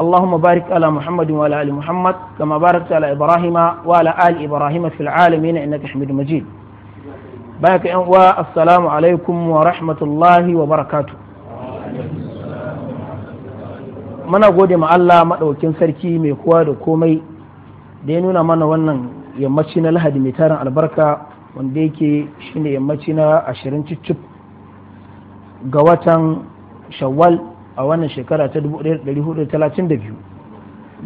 اللهم بارك على محمد وعلى آل محمد كما باركت على إبراهيم وعلى آل إبراهيم في العالمين إنك حميد مجيد بارك السلام عليكم rahmatullahi الله وبركاته mana gode ma Allah maɗaukin sarki mai kowa da komai da ya nuna mana wannan yammaci na lahadi mai tarin albarka wanda yake shine yammaci na ashirin cicif ga watan shawwal a wannan shekara ta 1432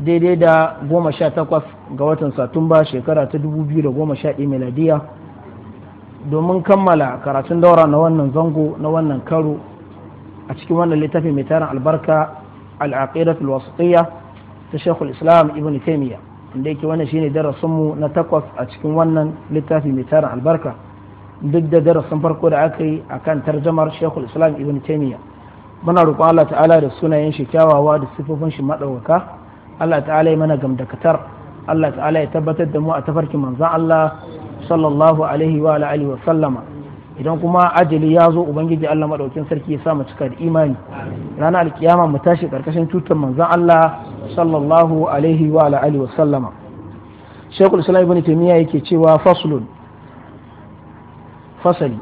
daidai da 18 ga watan satumba shekara ta 2011 meladiya domin kammala karatun daura na wannan zango na wannan karo a cikin wannan littafi mai tarin albarka al'aqidatul wasatiyya ta shekul islam ibn taimiyya inda yake wannan shine darasinmu na takwas a cikin wannan littafin mai tarin albarka duk da darasin farko da aka yi akan tarjamar shekul islam ibn taimiyya muna roƙon Allah ta'ala da sunayen shi kyawawa da sifofin shi maɗaukaka Allah ta'ala ya mana gamdakatar Allah ta'ala ya tabbatar da mu a tafarkin manzon Allah sallallahu alaihi wa alihi wa sallama idan kuma ajali ya zo ubangiji Allah madaukin sarki ya sa mu cika da imani ranar alkiyama mu tashi karkashin tutar manzon Allah sallallahu alaihi wa alihi wa sallama Sheikhul Islam Ibn Taymiyyah yake cewa faslun fasali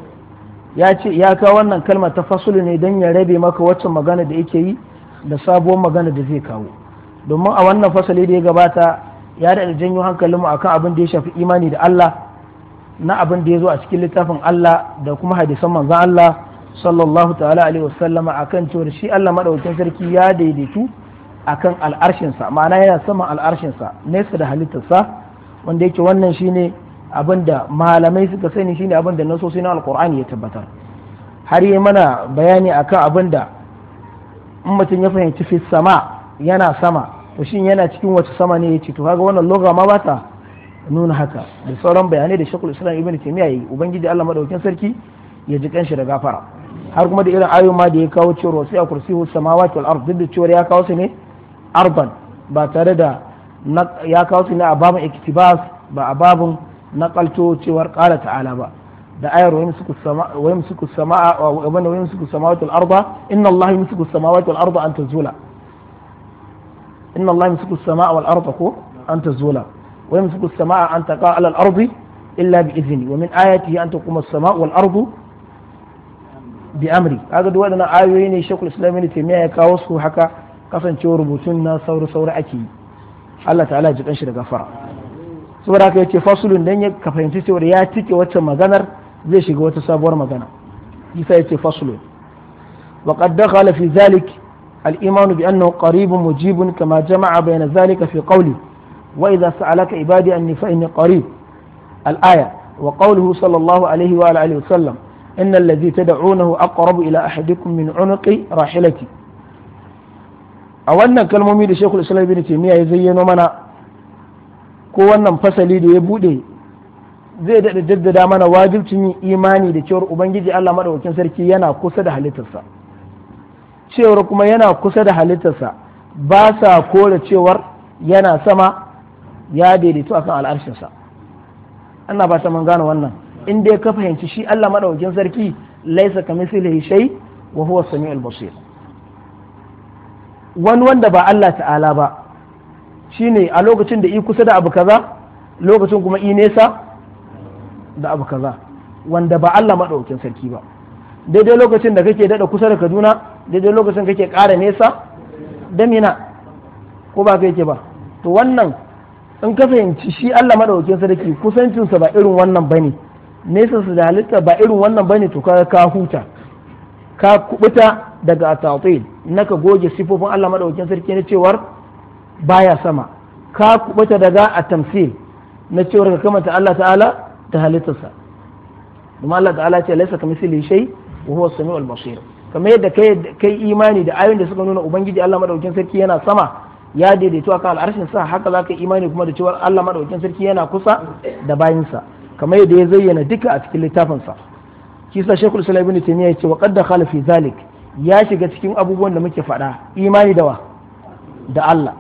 ya ce ya kawo wannan kalma ta fasulu ne don ya rabe maka wacce magana da yake yi da sabuwar magana da zai kawo domin a wannan fasali da ya gabata ya daɗa janyo hankalinmu akan abin da ya shafi imani da Allah na abin da ya zo a cikin littafin Allah da kuma hadisan manzon Allah sallallahu ta'ala alaihi wasallama akan cewa shi Allah madaukakin sarki ya daidaitu akan al'arshinsa ma'ana yana saman al'arshinsa nesa da halittarsa wanda yake wannan shine abin da malamai suka sani shine abin da nasosi na alkur'ani ya tabbatar har yi mana bayani akan abin da in mutum ya fahimci fi sama yana sama to shin yana cikin wata sama ne ya ce to kaga wannan loga ma ba nuna haka da sauran bayanai da shakul islam ibn taymiya yi ubangiji Allah madaukakin sarki ya ji kanshi da gafara har kuma da irin ayoyin ma da ya kawo cewa wasi a kursiyu samawati wal ard duk cewa ya kawo su ne arban ba tare da ya kawo su ne a babin ba a babin nakalto cewar qala ta'ala ba da ayar wa yamsiku sama'a wa yamsiku sama'a wa yamsiku samawati al-arda inna allaha yamsiku samawati wal-arda an tazula inna allaha ko an tazula wa yamsiku sama'a an illa bi amri kaga duk waɗannan ayoyi ne shekul islam taimiya ya kawo su haka kasancewar rubutun na sauri sauri ake yi Allah ta'ala da gafara saboda haka yace fasulun dan ya ka fahimci cewa ya tike wacce maganar zai shiga wata sabuwar magana isa yace fasulun wa qad dakhala fi zalik al-iman bi annahu qaribun mujibun kama jama'a bayna zalika fi qawli wa idha sa'alaka ibadi anni fa inni qarib al-aya wa qawluhu sallallahu alaihi wa alihi wa sallam إن الذي تدعونه أقرب إلى أحدكم من عنق راحلتي a wannan kalmomi da shekul islam ibn taimiyya ya zayyano mana ko wannan fasali da ya buɗe zai daɗa jaddada mana wajibcin yin imani da cewar ubangiji Allah maɗaukakin sarki yana kusa da halittarsa cewar kuma yana kusa da halittarsa ba sa kore cewar yana sama ya daidaito akan al'arshinsa ana ba ta mun gane wannan in dai ka fahimci shi Allah maɗaukakin sarki laisa kamithlihi shay wa huwa samiul basir wani wanda ba Allah ta'ala ba shine a lokacin da i kusa da abu kaza lokacin kuma i nesa da abu kaza wanda ba Allah maɗaukin sarki ba daidai lokacin da kake daɗa kusa da Kaduna daidai lokacin kake ƙara nesa damina ko ba ka yake ba to wannan in ka fahimci shi Allah maɗaukin sarki kusancinsa ba irin wannan bane nesa su da halitta ba irin wannan bane to ka ka huta ka kubuta daga atatil naka goge sifofin Allah maɗaukin sarki na cewar baya sama ka kubuta daga a tamsil na cewar ka kamanta Allah ta'ala ta halittarsa domin Allah ta'ala ce laisa misali shay wa huwa sami wal basir kamar yadda kai imani da ayoyin da suka nuna ubangiji Allah madaukakin sarki yana sama ya daidaito akan al'arshin sa haka zaka imani kuma da cewar Allah madaukakin sarki yana kusa da bayinsa kamar yadda ya zayyana duka a cikin littafin sa kisa Sheikhul Islam Ibn Taymiyyah yace wa qad dakhala fi zalik ya shiga cikin abubuwan da muke faɗa imani da wa da Allah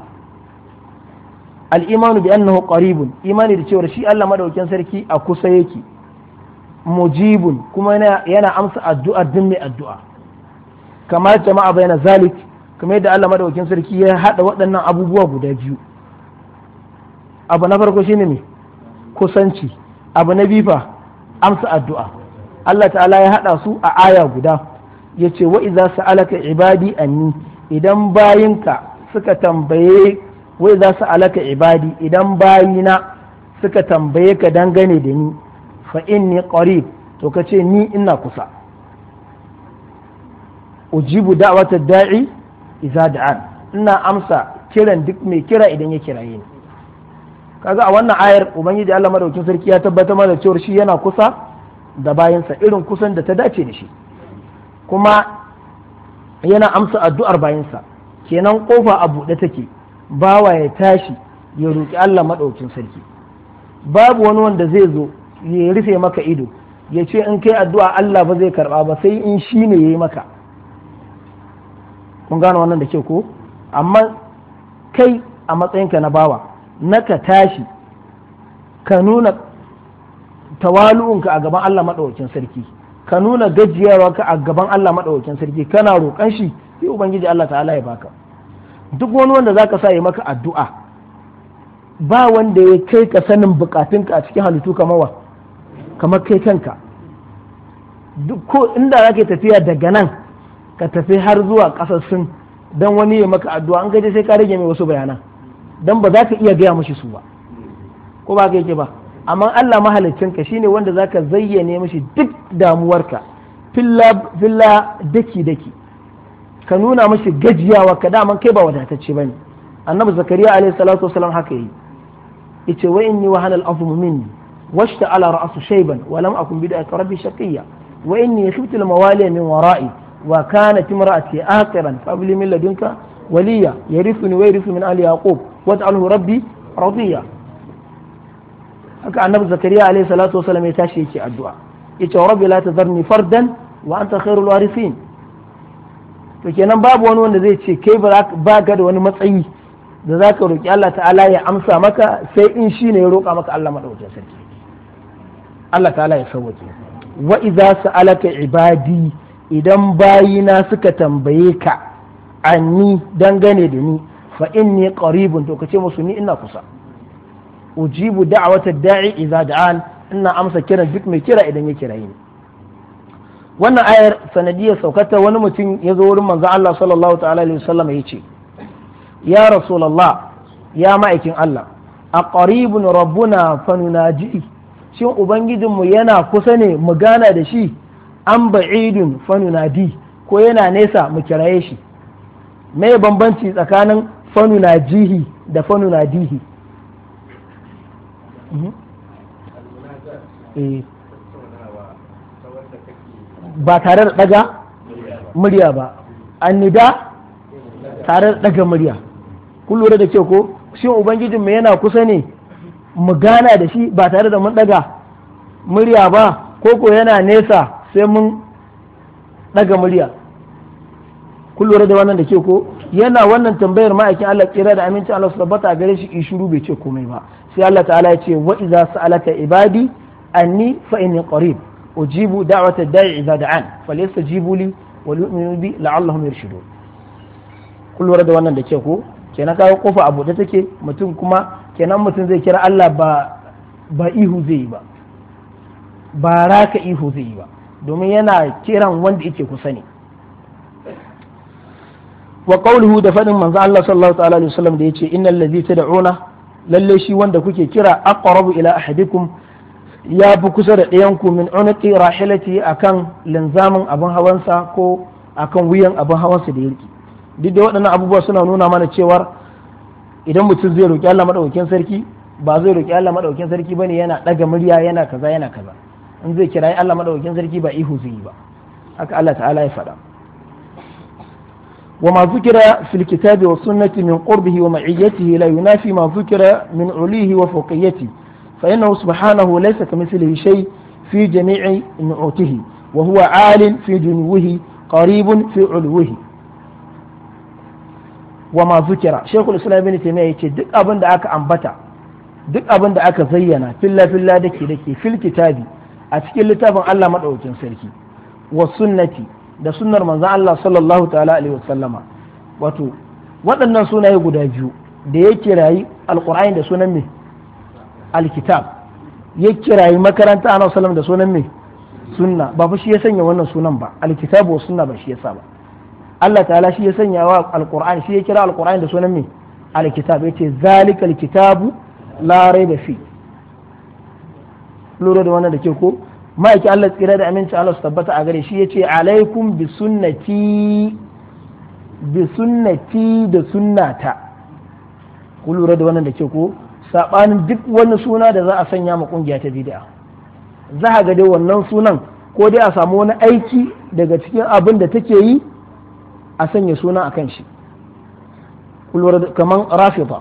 al bi annahu qaribun imani da cewar shi Allah maɗaukin sarki a kusa yake mujibun kuma yana amsa addu'a din mai addu'a kamar jama'a bayana zalik kamar yadda Allah maɗaukin sarki ya hada waɗannan abubuwa guda biyu abu na farko shine ne kusanci abu na bifa amsa addu'a Allah ta'ala ya haɗa su a aya guda yace wa idza sa'alaka ibadi anni idan bayinka suka tambaye wai za su alaka ibadi idan bayina suka tambaye ka dangane da ni fa inni qarib to ka ce ni ina kusa ujibu da'wata da'i idza da'an ina amsa kiran duk mai kira idan ya kiraye ni kaga a wannan ayar ubangiji Allah madaukakin sarki ya tabbatar mana cewa shi yana kusa da bayansa irin kusan da ta dace da shi kuma yana amsa addu'ar bayansa kenan kofa a buɗe take bawa ya tashi ya roƙi Allah maɗaukin sarki babu wani wanda zai zo ya rufe maka ido ya ce in kai addu'a Allah ba zai karɓa ba sai in shi ne ya yi maka kun gano wannan da ke ko amma kai a matsayinka na bawa na ka tashi ka nuna tawalu'unka a gaban Allah maɗaukin sarki ka nuna gajiyarwa ka a gaban Allah maɗaukin sarki kana roƙon shi sai ubangiji Allah ta'ala ya baka duk wani wanda za ka sa ya maka addu'a ba wanda ya kai ka sanin bukatunka a cikin halittu kamar wa kamar kai kanka duk ko inda zaka tafiya daga nan ka tafi har zuwa kasar sun don wani ya maka addu'a an gaje sai ka rage mai wasu bayana don ba za ka iya gaya mashi su ba ko ba ka yake ba amma Allah mahalicinka shine wanda za ka zayyane mashi duk damuwarka filla daki daki ka nuna mashi wa ka daman kai ba wadatacce bane annabi zakariya alayhi salatu wasalam haka yi yace wa inni wa hanal afu minni washta ala ra'su shayban wa lam akun bid'a rabbi shaqiyya wa inni khiftu al mawali min wara'i wa kanat imra'ati aqiran fa bi min ladunka waliya yarithuni wa yarithu min ali yaqub wa waj'alhu rabbi radiya haka annabi zakariya alayhi salatu wasalam ya tashi yake addu'a yace rabbi la tadharni fardan wa anta khairul warithin to kenan babu wani wanda zai ce kai ba ka da wani matsayi da za ka roƙi Allah ta'ala ya amsa maka sai in shi ne ya roƙa maka Allah maɗaukacin sarki Allah ta'ala ya sauwake wa su sa'alaka ibadi idan bayina suka tambaye ka anni dangane da ni fa inni qaribun to kace musu ni ina kusa ujibu da'wata da'i idza da'an ina amsa kiran duk mai kira idan ya kira ni wannan ayar sanadiyar saukata wani mutum ya zo wurin manzan Allah sallallahu ta'ala alaihi wasallam ya ce ya rasulullah ya ma'aikin Allah a qaribun rabbuna fanunaji shin ubangijinmu yana kusa ne mu gana da shi an ba'idun fanunadi ko yana nesa mu kiraye shi me bambanci tsakanin fanunajihi da fanunadihi dihi mhm. eh. ba tare da daga murya ba annida tare da daga murya kun lura da ke ko shi ubangijinmu yana kusa ne mu gana da shi ba tare da mun daga murya ba ko ko yana nesa sai mun daga murya kun lura da wannan da ke ko yana wannan tambayar ma'aikin Allah kira da amincin Allah su tabbata a gare shi ishuru bai ce komai ba sai Allah ta'ala ya ce wa iza sa'alaka ibadi anni fa inni qarib ujibu da'wata da'i idza da'an falyastajibu li wa yu'minu bi la'allahum yarshudun kun lura da wannan da ke ko kenan kaga kofa abu da take mutum kuma kenan mutum zai kira Allah ba ba ihu zai yi ba ba raka ihu zai yi ba domin yana kiran wanda yake kusa ne wa qawluhu da faɗin manzo Allah sallallahu ta'ala alaihi wasallam da yace innal ladhi tad'una lalle shi wanda kuke kira aqrabu ila ahadikum ya fi kusa da ɗayan ku min unqi rahilati akan linzamin abin hawansa ko akan wuyan abin hawansa da yake duk da waɗannan abubuwa suna nuna mana cewar idan mutum zai roƙi Allah madaukakin sarki ba zai roƙi Allah madaukakin sarki bane yana ɗaga murya yana kaza yana kaza in zai kira Allah madaukakin sarki ba ihu zai yi ba haka Allah ta'ala ya faɗa وما ذكر في الكتاب والسنة من قربه ومعيته لا ينافي ما ذكر من عليه وفوقيته فإنه سبحانه ليس كمثله شيء في جميع نعوته وهو عال في جنوه قريب في علوه وما ذكر شيخ الإسلام ابن تيمية يقول أبن دعاك أنبتا duk abin da aka zayyana filla filla dake dake fil kitabi a cikin littafin Allah madaukakin sarki wa sunnati da sunnar manzan Allah sallallahu ta'ala alaihi wasallama wato waɗannan sunaye guda biyu da ya kirayi alƙurani da sunan mai alkitab ya kirayi makaranta ana salam da sunan mai sunna ba fa shi ya sanya wannan sunan ba alkitab wa sunna ba shi ya sa ba Allah ta'ala shi ya sanya wa alqur'an shi ya kira alqur'an da sunan mai alkitab yace zalikal kitabu la rayba fi lura da wannan da ke ko ma'aiki Allah tsira da aminci Allah su tabbata a gare shi yace ce alaikum bi bisunnati bi da sunnata ku lura da wannan da ke ko saɓanin duk wani suna da za a sanya ma ƙungiya ta bid'a za a ga dai wannan sunan ko dai a samu wani aiki daga cikin abin da take yi a sanya suna a kan shi kamar rafita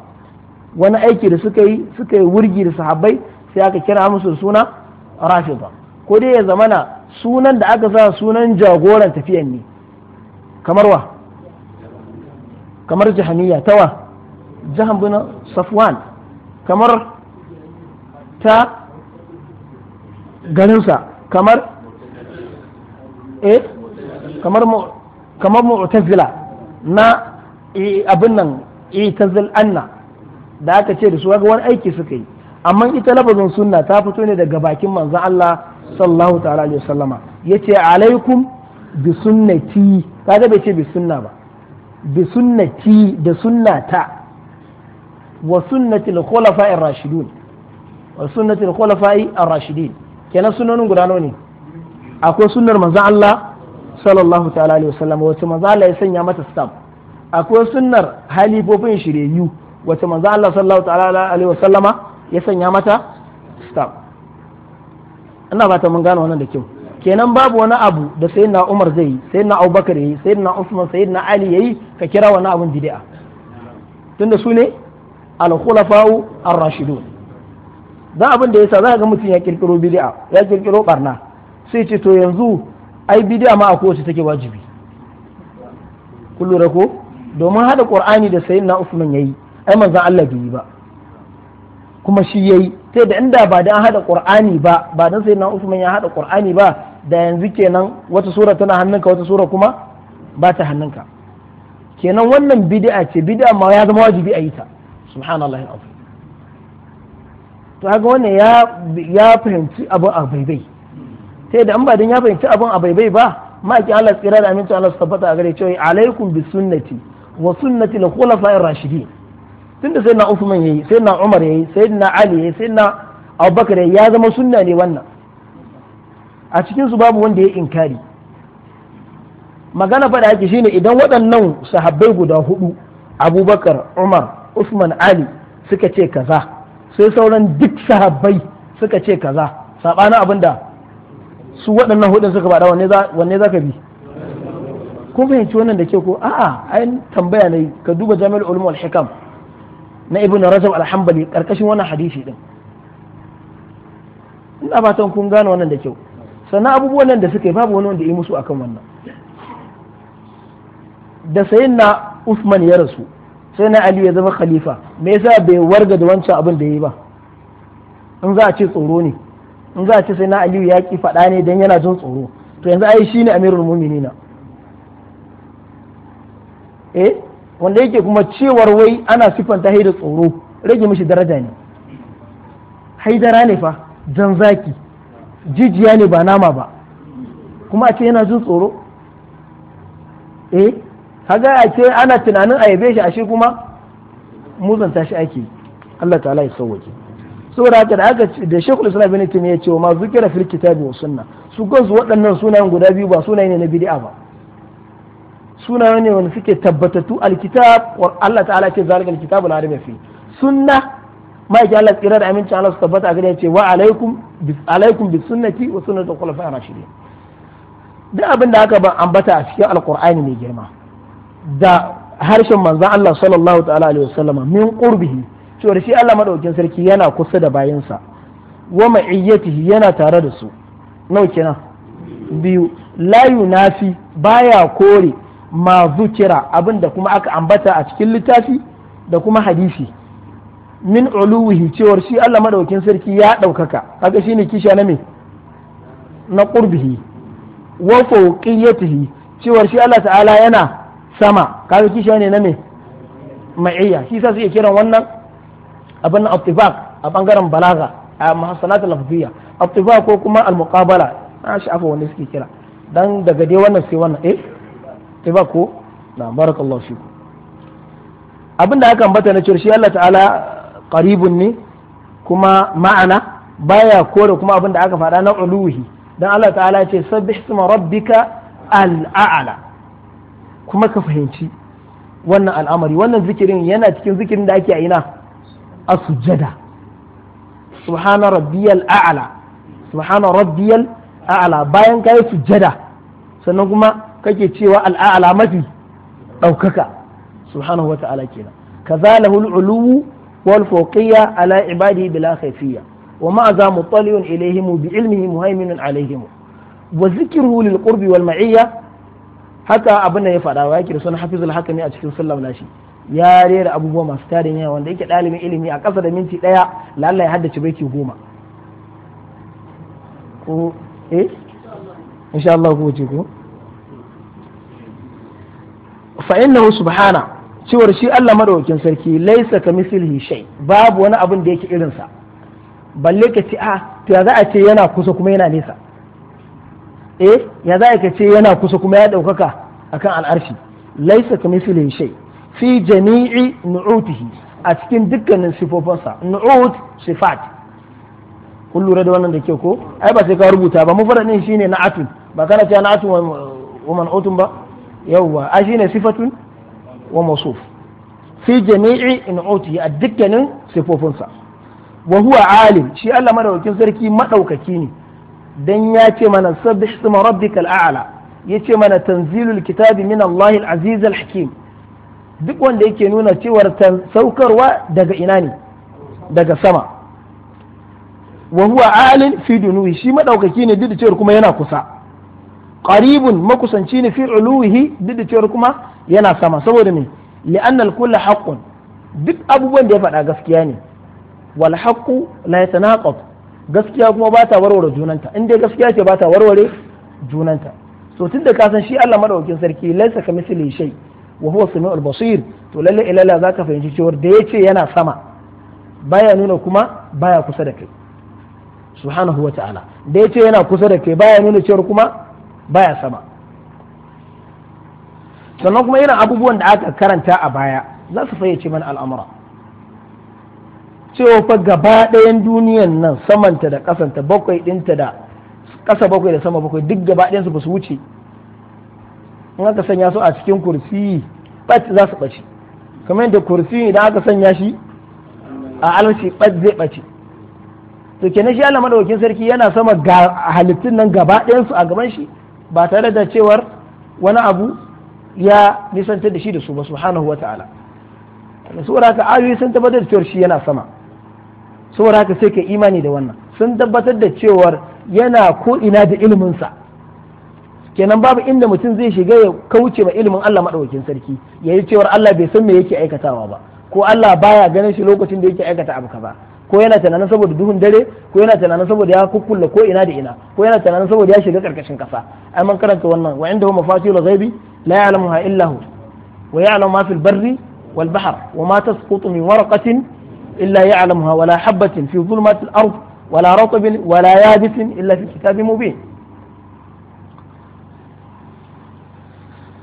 wani aiki da suka yi suka yi wurgi da sahabbai sai aka kira musu suna rafida ko dai ya zamana sunan da aka sa sunan jagoran tafiyan ne kamar wa kamar jahaniya tawa jahan bin safwan kamar ta garinsa kamar eh kamar kamar mu'tazila na abin nan itazil anna da aka ce da su ga wani aiki suka yi amma ita labarin sunna ta fito ne daga bakin manzon Allah sallallahu ta'ala alaihi wasallama yace alaikum bi sunnati kaga bai ce bi sunna ba bi sunnati da sunnata wa sunnatil khulafa'ir rashidun wa sunnatil khulafa'i ar-rashidin kenan sunanin guda nawa ne akwai sunnar manzon Allah sallallahu ta'ala alaihi wasallam wace manzon Allah ya sanya mata stamp akwai sunnar halifofin shiryayyu wace manzon Allah sallallahu ta'ala alaihi wasallama ya sanya mata stamp ina ba ta mun gano wannan da kyau kenan babu wani abu da sayyidina Umar zai yi sayyidina Abubakar yayi sayyidina Usman sayyidina Ali yayi ka kira wani abun bid'a tunda su ne al-khulafa'u ar-rashidun dan abin da yasa zaka ga mutum ya kirkiro bid'a ya kirkiro barna sai ce to yanzu ai bid'a ma akwai wacce take wajibi kun lura ko domin hada qur'ani da sayyidina usman yayi ai manzon Allah bai yi ba kuma shi yayi sai da inda ba dan hada qur'ani ba ba dan sayyidina usman ya hada qur'ani ba da yanzu kenan wata sura tana hannunka wata sura kuma ba ta hannunka kenan wannan bid'a ce bid'a ma ya zama wajibi a yi ta subhanallahi alazim to kaga wannan ya ya fahimci abin a baibai sai da an ba dan ya fahimci abun a baibai ba ma'aikin Allah tsira da aminci Allah su tabbata a gare cewa alaikum bi sunnati wa sunnati la khulafa'ir rashidin tunda sai na Uthman yayi sai na Umar yayi sai na Ali yayi sai na Abubakar ya zama sunna ne wannan a cikin su babu wanda ya inkari magana fada ake shine idan waɗannan sahabbai guda hudu Abubakar Umar usman ali suka ce kaza sai sauran duk sahabbai suka ce kaza sabanin abinda su waɗannan hudun suka faɗa wanne za ka bi kun fahimci wannan da ke ko a'a ai tambaya ne ka duba jami'ul ulum wal hikam na ibnu rajab al-hanbali karkashin wannan hadisi din ina fatan kun gane wannan da kyau sannan abubuwan nan da suka yi babu wani wanda yi musu akan wannan da sayin na Uthman ya rasu sai na ali ya zama khalifa me yasa bai warga da wancan abin da ya yi ba in za a ce tsoro ne in za a ce sai na aliyu ya ki faɗa ne dan yana jin tsoro to yanzu ai shi ne amirul muminina eh wanda yake kuma cewar wai ana sifanta ta da tsoro rage mishi daraja ne haidara ne fa jan zaki jijiya ne ba nama ba kuma a ce yana jin tsoro eh kaga a ce ana tunanin a yabe shi ashe kuma muzanta shi ake Allah ta'ala ya sauwake saboda haka da aka da Sheikhul Islam Ibn Taymiyyah ya ce ma zikira fil kitabi wa sunna su kansu waɗannan sunayen guda biyu ba sunaye ne na bid'a ba sunaye ne wanda suke tabbatattu alkitab wa Allah ta'ala ce zalikal kitabu la raiba fi sunna ma'aikin Allah tsira da amincin Allah su tabbata a gare ya ce wa alaikum alaikum bi sunnati wa sunnatul khulafa'ir rashidin duk abin da aka ban ambata a cikin alqur'ani mai girma da harshen manzan Allah sallallahu ta'ala alaihi min ƙurbihi, cewar shi Allah maɗaukin sarki yana kusa da bayansa. wa ma'iyyatihi yana tare da su nau kenan biyu la yunafi baya kore ma zukira da kuma aka ambata a cikin littafi da kuma hadisi min uluwihi cewar shi Allah maɗaukin sarki ya ɗaukaka Haka shi ne kisha na me na ƙurbihi. wa fawqiyatihi cewar shi Allah ta'ala yana sama kaga kishiya ne na me ma'iyya shi sa suke kiran wannan abin attifaq a bangaren balaga a mahasanat lafziya attifaq ko kuma al-muqabala na shafa wanda suke kira dan daga dai wannan sai wannan eh attifaq ko na barakallahu fiku abinda aka ambata na cewa shi Allah ta'ala qaribun ne kuma ma'ana baya kore kuma abinda aka faɗa na uluhi dan Allah ta'ala ya ce sabbih isma rabbika al-a'la kuma ka fahimci wannan al'amari wannan zikirin yana cikin zikirin da ake a ina a sujjada subhana rabbiyal a'la subhana rabbiyal a'la bayan ka yi sujjada sannan kuma kake cewa al'a mafi ɗaukaka subhanahu wa ta'ala kenan kazalahu al'ulu wal fawqiyya ala ibadihi bila khayfiyya wa ma za mutaliyun ilayhim bi ilmihi muhaiminun alaihimu. wa zikruhu lil qurbi wal ma'iyya haka abin da ya faɗa wa yake da sunan hafizul hakami a cikin sallam nashi ya rera abubuwa masu tarin yawa wanda yake ɗalibin ilimi a ƙasa da minti ɗaya lallai ya haddace baiti goma ko eh insha Allah ku ce ko fa innahu subhana cewar shi Allah madaukakin sarki laisa ka mislihi shay babu wani abin da yake irinsa balle ka ce a ah, to za a ce yana kusa kuma yana nesa eh ya za ka ce yana kusa kuma ya ɗaukaka akan al'arshi laisa misilin shai fi jami'i nu'utihi a cikin dukkanin sifofinsa nu'ut sifat kun lura da wannan da ke ko ai ba sai ka rubuta ba ne shine atun ba kana cewa atun wa man'utun ba yawwa shi shine sifatun wa masuf fi jami'i nu'utihi a dukkanin sifofinsa wa huwa alim shi Allah madaukakin sarki madaukaki ne dan ya ce mana sabbih isma rabbikal a'la yace mana tanzilul kitabi min Allah al-aziz al-hakim duk wanda yake nuna cewar saukarwa daga ina ne daga sama wa huwa alin fi dunuwi shi madaukaki ne duk cewar kuma yana kusa qaribun makusanci ne fi uluwihi duk cewar kuma yana sama saboda me li'anna al-kullu duk abubuwan da ya faɗa gaskiya ne wal haqqu gaskiya kuma ba ta warware junanta in dai gaskiya ce ba ta warware junanta so da ka san shi Allah madaukakin sarki laisa ka misli shay wa huwa samiul basir to lalle ilalla zaka fahimci cewa da yace yana sama baya nuna kuma baya kusa da kai subhanahu wata'ala da yace yana kusa da kai baya nuna cewa kuma baya sama sannan kuma irin abubuwan da aka karanta a baya za su fayyace mana al'amura cewa fa gaba ɗayan duniyan nan samanta da ƙasanta bakwai ɗinta da ƙasa bakwai da sama bakwai duk gaba ɗayan su ba su wuce in aka sanya su a cikin kursi ɓat za su ɓace kamar yadda kursi idan aka sanya shi a alwashi ɓat zai ɓace to kenan shi Allah madaukakin sarki yana sama ga halittun nan gaba ɗayan su a gaban shi ba tare da cewar wani abu ya nisantar da shi da su ba subhanahu wata'ala sura su ayoyi sun tabbatar da cewar shi yana sama saboda haka sai ka imani da wannan sun tabbatar da cewar yana ko ina da iliminsa kenan babu inda mutum zai shiga ya kauce ma ilimin Allah madaukakin sarki ya yi cewar Allah bai san me yake aikatawa ba ko Allah baya ganin shi lokacin da yake aikata abu kaza ko yana tunanin saboda duhun dare ko yana tunanin saboda ya kukkulla ko ina da ina ko yana tunanin saboda ya shiga karkashin kasa ai man karanta wannan wa indahu mafatihul ghaibi la ya'lamuha illa wa ya'lamu ma fil barri wal bahr wa ma tasqutu min waraqatin إلا يعلمها ولا حبة في ظلمات الأرض ولا رطب ولا يابس إلا في كتاب مبين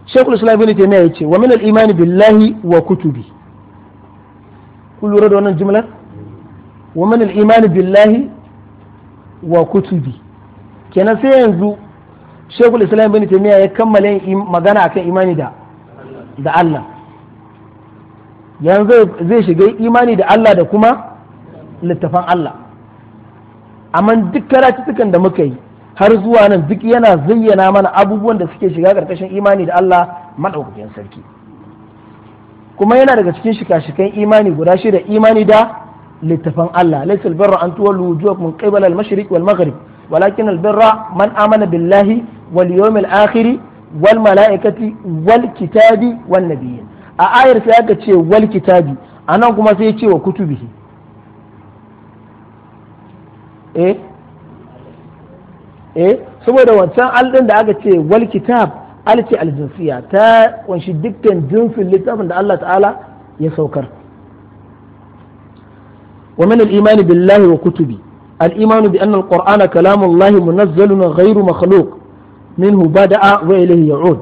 شيخ الإسلام ابن تيمية ومن الإيمان بالله وكتبه كل رد وانا الجملة ومن الإيمان بالله وكتبه كان سينزو شيخ الإسلام ابن تيمية يكمل magana akan imani da da Allah yanzu zai shiga imani da Allah da kuma littafan Allah amma duk karatutukan da muka yi har zuwa nan duk yana zayyana mana abubuwan da suke shiga karkashin imani da Allah maɗaukakin sarki kuma yana daga cikin shika-shikan imani guda shida imani da littafan Allah laysal birra an tuwallu wujuhakum qibala al-mashriq wal maghrib walakin al-birra man amana billahi wal yawmil akhir wal malaikati wal kitabi wan nabiyyin a ayar sai aka ce wal kitabi anan kuma sai ya ce wa kutubihi eh eh saboda wancan aldin da aka ce wal kitab alci aljinsiya ta kunshi dukkan jinsin littafin da Allah ta'ala ya saukar wa min al-iman billahi wa kutubi al-iman bi anna al-qur'ana kalamullah munazzalun ghayru makhluq minhu bada'a wa ilayhi ya'ud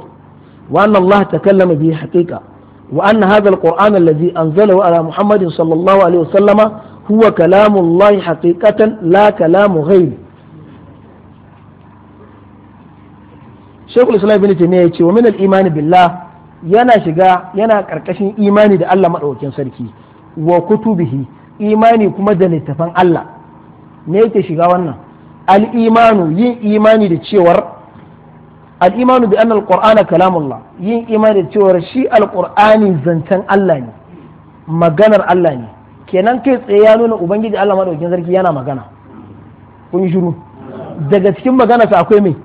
wa anna Allah takallama bihi haqiqa wa anna hadha alquran alladhi anzala ala muhammad sallallahu alaihi wasallama huwa kalamullahi haqiqatan la kalamu ghayr shaykhul islam ibn taymiyyah yace wa min al-iman billah yana shiga yana karkashin imani da Allah madaukin sarki wa kutubihi imani kuma da litafan Allah me yake shiga wannan al-iman yin imani da cewar al-imanu bi anna a qurana kalamullah yin imani da cewa shi al zancen Allah ne maganar Allah ne kenan kai tsaye ya nuna ubangiji Allah madaukakin sarki yana magana kun yi shiru daga cikin maganarsa akwai mai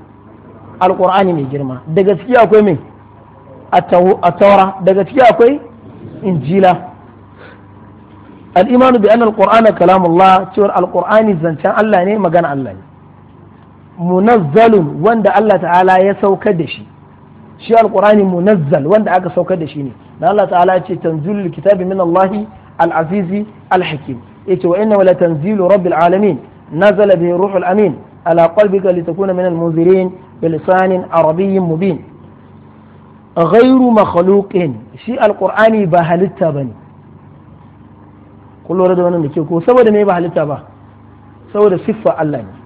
alkur'ani mai girma daga ciki akwai mai a taura daga akwai injila al'imanu bi anna alqur'ana kalamullah cewar alƙur'ani zancen Allah ne magana Allah ne munazzalun wanda Allah ta'ala ya saukar da shi shi alqur'ani munazzal wanda aka saukar da shi ne dan Allah ta'ala ya ce tanzilul kitabi min Allahi al-azizi al-hakim yace wa inna la tanzilu rabbil alamin nazala bihi ruhul amin ala qalbika litakuna min al-munzirin bilisanin arabiyyin mubin ghairu makhluqin shi alqur'ani ba halitta bane kun lura da wannan da ko saboda me ba halitta ba saboda siffa Allah ne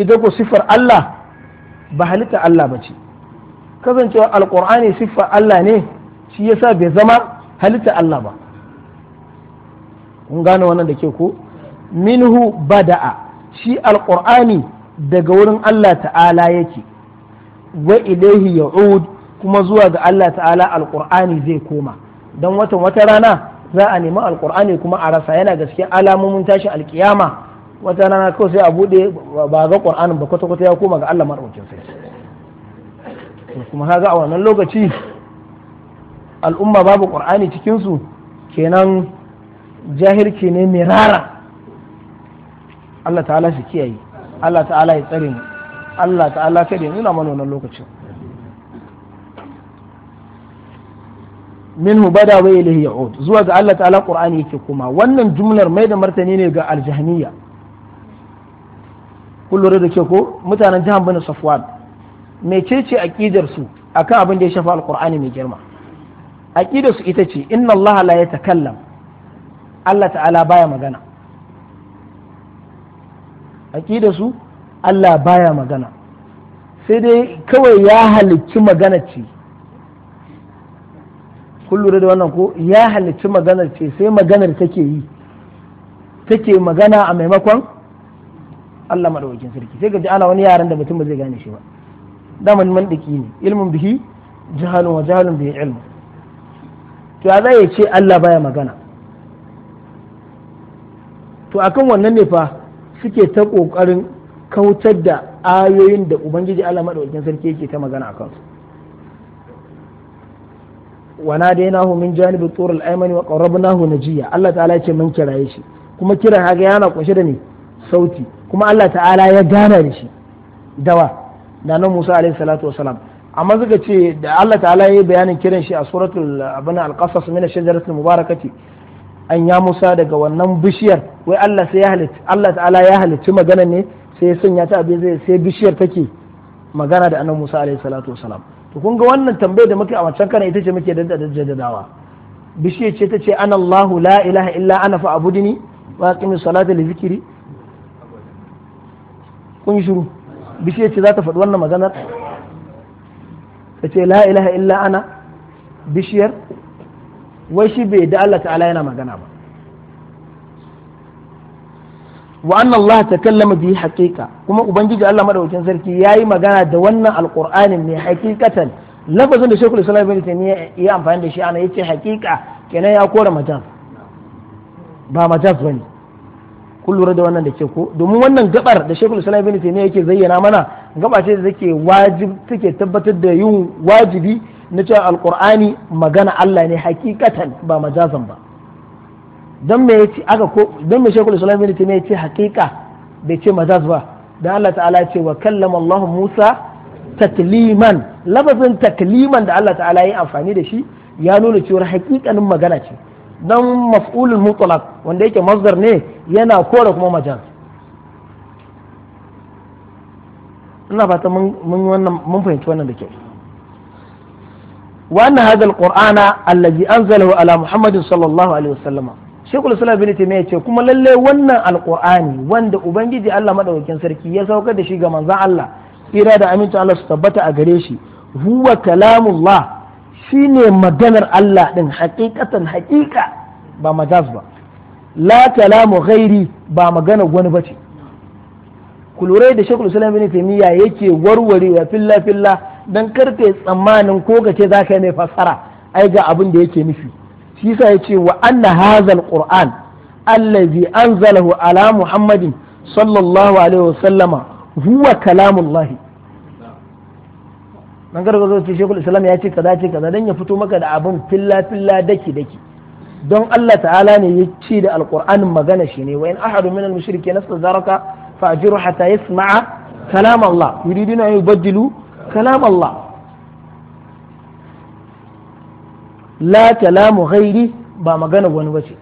ita ko siffar Allah ba halitta Allah ba ce kasancewa alkur'ani siffar Allah ne shi yasa bai zama halitta Allah ba kun gane wannan da ke ko minhu bada'a shi alkur'ani daga wurin Allah ta'ala yake wa ilaihi ya'ud kuma zuwa ga Allah ta'ala alkur'ani zai koma don watan wata rana za a nemi alkur'ani kuma a rasa yana gaske alamomin tashi alkiyama wata rana kawai sai a bude ba ga qur'anin ba kwata kwata ya koma ga Allah madaukakin sai kuma kaga a wannan lokaci al'umma babu qur'ani cikin su kenan jahilci ne mai rara. Allah ta'ala shi kiyaye Allah ta'ala ya tsare mu Allah ta'ala kada ya nuna mana wannan lokacin minhu bada wa ilayhi ya'ud zuwa ga Allah ta'ala qur'ani yake kuma wannan jumlar mai da martani ne ga aljahmiya kun da ke ko mutanen jihar bani safwan mecece aqidar su akan abin da ya shafa alqur'ani mai girma aqidar su ita ce inna Allah la ya takallam Allah ta'ala baya magana aqidar su Allah baya magana sai dai kawai ya halicci magana ce kun da wannan ko ya halicci maganar ce sai maganar take yi take magana a maimakon Allah madawakin sarki sai ka ji ana wani yaran da mutum ba zai gane shi ba daman diki ne ilmin bihi jahalun wa jahalun bihi ilmu to ya zai ce Allah baya magana to akan wannan ne fa suke ta kokarin kautar da ayoyin da ubangiji Allah madawakin sarki yake ta magana akan su وناديناه من جانب الطور الايمن وقربناه نجيا Allah تعالى يce mun kiraye shi kuma kira haga yana kunshe da ni sauti kuma Allah ta'ala ya gana da shi dawa da nan Musa alaihi salatu wasalam amma suka ce da Allah ta'ala ya yi bayanin kiran shi a suratul abin alqasas min ash-shajaratil mubarakati an ya Musa daga wannan bishiyar wai Allah sai ya halitta Allah ta'ala ya halitta magana ne sai ya sanya ta abin zai sai bishiyar take magana da annabi Musa alaihi salatu wasalam to kun ga wannan tambayar da muke a wancan kana ita ce muke da jaddadawa bishiyar ce ta ce ana la ilaha illa ana fa abudini wa aqimi salata li zikri kun shiru bishiyar ce za ta faɗi wannan maganar ta ce la ilaha illa ana bishiyar wai shi bai da Allah ta'ala yana magana ba wa anna Allah takallama bi haqiqa kuma ubangiji Allah madaukakin sarki yayi magana da wannan alqur'anin ne haqiqatan lafazin da Sheikhul Islam Ibn Taymiyyah ya amfani da shi ana yace haqiqa kenan ya kora majaz ba majaz bane kun lura da wannan da ke ko domin wannan gabar da shekul islam ibn taymiya yake zayyana mana gaba ce da take wajib take tabbatar da yin wajibi na cewa alqur'ani magana Allah ne hakikatan ba majazan ba dan me yace aka ko dan me shekul islam ibn taymiya yace hakika bai ce majaz ba dan Allah ta'ala ya ce wa kallama Allah Musa takliman lafazin takliman da Allah ta'ala ya yi amfani da shi ya nuna cewar hakikanin magana ce dan maf'ulul mutlaq wanda yake masdar ne yana kore kuma majaz ina fata mun wannan mun fahimci wannan da kyau وأن هذا القرآن الذي أنزله على محمد صلى الله عليه وسلم شيخ الإسلام بن تيمية كما للي ون القرآن وند أبنجي الله مدى وكان سركي يسوك دشي من الله إرادة أمين الله ستبت أغريشي هو كلام الله Shi ne maganar Allah ɗin hakikatan haƙiƙa ba majaz ba la kalamu ghairi ba magana wani bace ku lura da shekul islam ibn taymiya yake warwarewa filla filla dan karfe tsammanin ko kace zaka mai fassara, ai ga abin da yake nufi shi yasa yace wa anna hazal qur'an allazi anzalahu ala muhammadin sallallahu alaihi wasallama huwa kalamullahi nan garga zo ce shekul islam ya ce kaza ce kaza dan ya fito maka da abin filla filla daki daki don Allah ta'ala ne ya ce da alqur'anin magana shi ne wa in ahadu min al-mushrikeena istazaraka fa ajiru hatta yasma'a kalam Allah yuriduna an yubaddilu kalam Allah la kalamu ghairi ba magana wani bace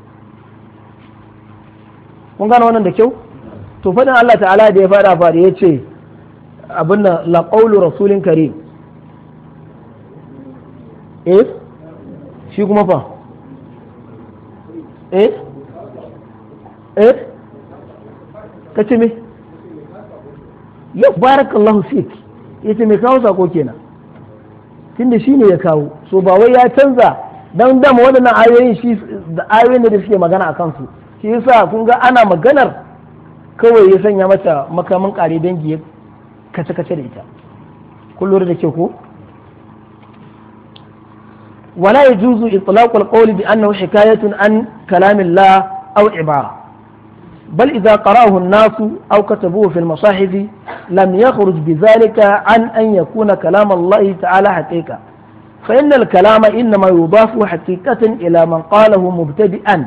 kun gane wannan da kyau to faɗin Allah ta'ala da ya fara fara ya ce abinda nan la rasulin karim eh shi kuma fa eh eh kace me ya barakallahu fik yace me kawo sako kenan tunda shi ne ya kawo so ba wai ya canza don dama waɗannan ayoyin shi da ayoyin da suke magana a kansu shi yasa kun ga ana maganar kawai ya sanya mata makamin ƙare dangi ya kace kace da ita kullum da ke ko ولا يجوز إطلاق القول بأنه حكاية عن كلام الله أو عبارة بل إذا قرأه الناس أو كتبوه في المصاحف لم يخرج بذلك عن أن يكون كلام الله تعالى حقيقة فإن الكلام إنما يضاف حقيقة إلى من قاله مبتدئا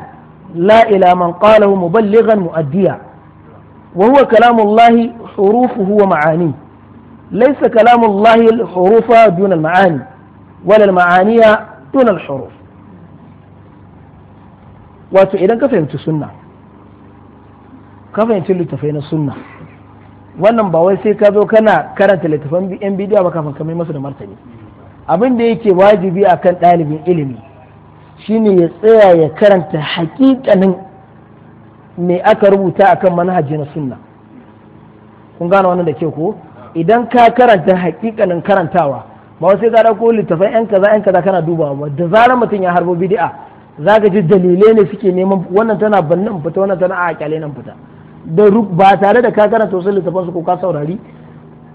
لا إلى من قاله مبلغا مؤديا وهو كلام الله حروفه ومعانيه ليس كلام الله الحروف دون المعاني ولا المعاني دون الحروف wato idan ka fahimci sunna ka fahimci littafai na sunna wannan ba wai sai ka zo kana karanta littafan yan bidiyo ba kafin kamar masu da martani abin da yake wajibi a kan ɗalibin ilimi shine ya tsaya ya karanta hakikanin me aka rubuta akan manhaji na sunna kun gane wannan da ke ko idan ka karanta hakikanin karantawa ba wasu ka dauko littafin yan kaza yan kaza kana dubawa ba da zarar mutum ya harbo bid'a zaka ji dalilai ne suke neman wannan tana bannan fita wannan tana a kyale nan fita da ba tare da ka karanta wasu littafan su ko ka saurari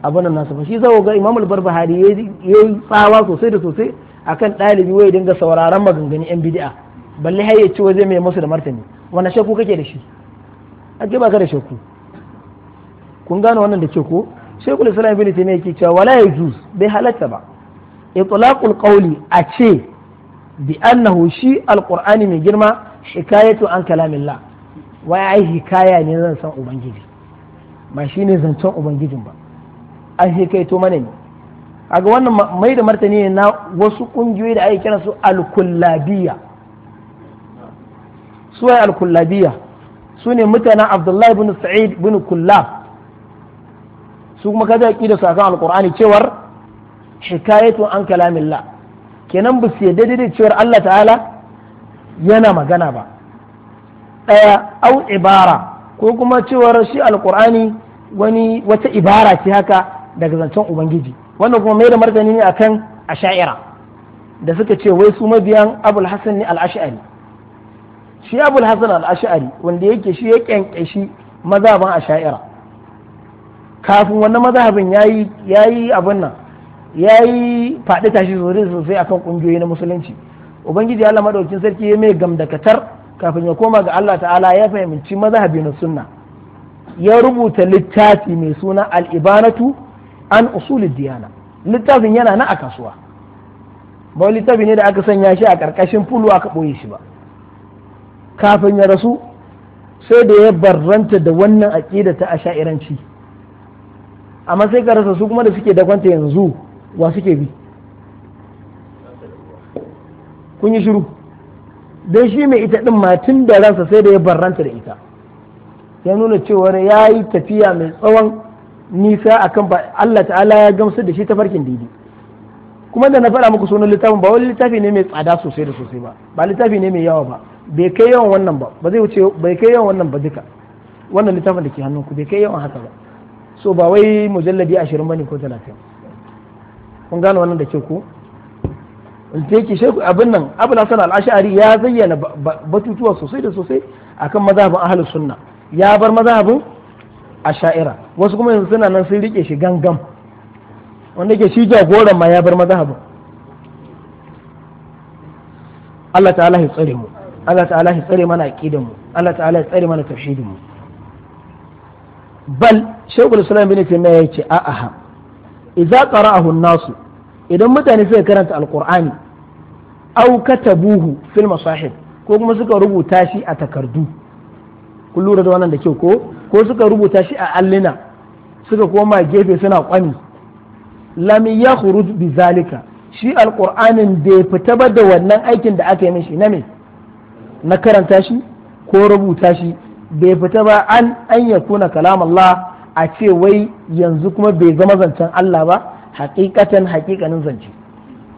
abin nan nasu ba shi zai ga imamul barbahari yayi tsawa sosai da sosai akan ɗalibi wai dinga sauraron maganganu yan bid'a balle har ya ci waje mai musu da martani wannan shakku kake da shi ake ka da shakku kun gane wannan da ke ko shekul islam ibn taymiyyah yake cewa wala yajuz bai halatta ba itlaqul qawli a ce bi annahu shi alqur'ani mai girma hikayatu an kalamillah wai ai hikaya ne zan san ubangiji ba shine zancen ubangijin ba an hikaito mana ne kaga wannan mai da martani ne na wasu kungiyoyi da ake kira su alkullabiya su wai alkullabiya su ne mutanen abdullahi bin sa'id bin kullab su kuma kaza da su akan alqur'ani cewar hikayatun an kalamillah kenan ba su yadda da cewar Allah ta'ala yana magana ba ɗaya au ibara ko kuma cewar shi alkur'ani wani wata ibara ce haka daga zancen ubangiji wannan kuma mai da martani ne akan asha'ira da suka ce wai su mabiyan abul hasan ne al-ash'ari shi abul hasan al-ash'ari wanda yake shi ya kyankashi mazhaban asha'ira kafin wannan mazhabin yayi yayi abin nan ya yi faɗi tashi sosai sosai akan ƙungiyoyi na musulunci ubangiji Allah maɗaukin sarki ya mai gamdakatar kafin ya koma ga Allah ta'ala ya fahimci mazhabi na sunna ya rubuta littafi mai suna al-ibanatu an usulid diyana littafin yana na a kasuwa ba littafi ne da aka sanya shi a ƙarƙashin fulu aka ɓoye shi ba kafin ya rasu sai da ya barranta da wannan aƙida ta a sha'iranci. amma sai ka rasa su kuma da suke dakwanta yanzu wa suke bi kun yi shiru don shi mai ita din ma tun da ransa sai da ya barranta da ita ya nuna cewar ya yi tafiya mai tsawon nisa akan Allah ta'ala ya gamsu da shi ta farkin daidai kuma da na faɗa muku sunan littafin ba wani littafi ne mai tsada sosai da sosai ba ba littafi ne mai yawa ba bai kai yawan wannan ba ba zai wuce bai kai yawan wannan ba duka wannan littafin da ke hannunku bai kai yawan haka ba so ba wai mujalladi ashirin bane ko talatin kun gane wannan da ke ku da yake shaiku abin nan abul hasan al ya zayyana batutuwa sosai da sosai akan mazhabin ahlus sunna ya bar mazhabin asha'ira wasu kuma yanzu suna nan sun rike shi gangam wanda yake shi jagoran ma ya bar mazhabin Allah ta'ala ya tsare mu Allah ta'ala ya tsare mana aqidan mu Allah ta'ala ya tsare mana tafsirin mu bal shaykhul islam bin yi yace a'a Iza qara'ahu an-nasu idan mutane suka karanta alqur'ani aw katabuhu fil masahib ko kuma suka rubuta shi a takardu kun lura da wannan da kyau ko ko suka rubuta shi a allina suka koma gefe suna kwani lam yakhruj bi zalika shi alqur'anin bai fita ba da wannan aikin da aka yi mishi na me na karanta shi ko rubuta shi bai fita ba an an yakuna kalamullah a ce wai yanzu kuma bai zama zancen Allah ba hakikatan hakikanin zance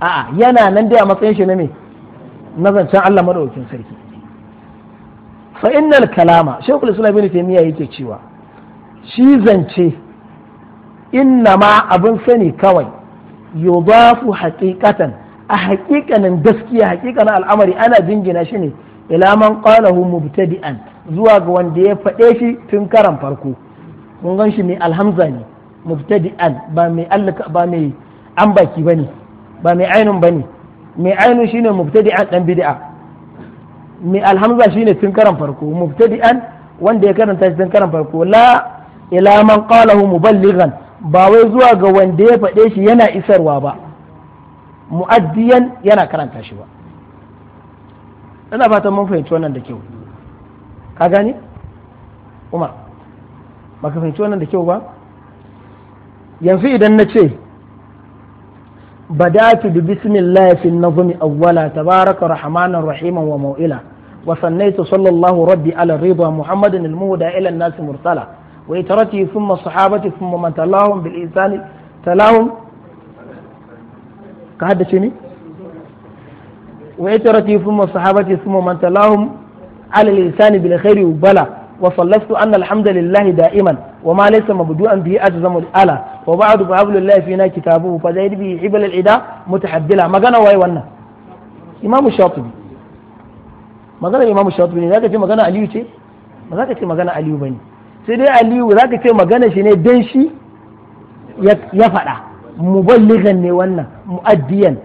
a'a yana nan dai a matsayin shi na me na zancen Allah madaukin sarki fa innal kalama shaykhul islam ibn taymiya yake cewa shi zance inna ma abin sani kawai yudafu hakikatan a hakikanin gaskiya hakikanin al'amari ana jingina shi ne ila man qalahu mubtadi'an zuwa ga wanda ya faɗe shi tun karan farko kun gan shi mai alhamza ne mubtadi'an ba mai allaka ba mai an baki bane ba mai ainun bane mai ainun shine mubtadi'an dan bid'a mai alhamza shine tun karan farko mubtadi'an wanda ya karanta shi tun karan farko la ila man qalahu muballighan ba wai zuwa ga wanda ya faɗe shi yana isarwa ba mu'addiyan yana karanta shi ba ina fatan mun fahimci wannan da kyau ka gani umar baka fahimci wannan da kyau ba yanzu idan na ce badatu bi bismillah fi nazmi awwala tabaraka rahmanan rahiman wa mau'ila wa sannaitu sallallahu rabbi ala ridwa muhammadin al-muhda ila an-nas mursala wa itarati thumma sahabati thumma man talahum bil ihsani talahum ka haddace ni wa itarati thumma sahabati thumma man talahum ala al-ihsani bil khairi wa bala وصلفت أن الحمد لله دائما وما ليس مبدوءا به أجزم الألا وبعد فأبل الله فينا كتابه فزيد به حبل العداء متحدلا ما قال واي ونا إمام الشاطبي ما قال إمام الشاطبي ذاك في ما قال عليو تي ما ذاك في ما قال عليو بني سيدي عليو ذاك في ما قال شيني دنشي يفعل مبلغا ne wannan mu'addiyan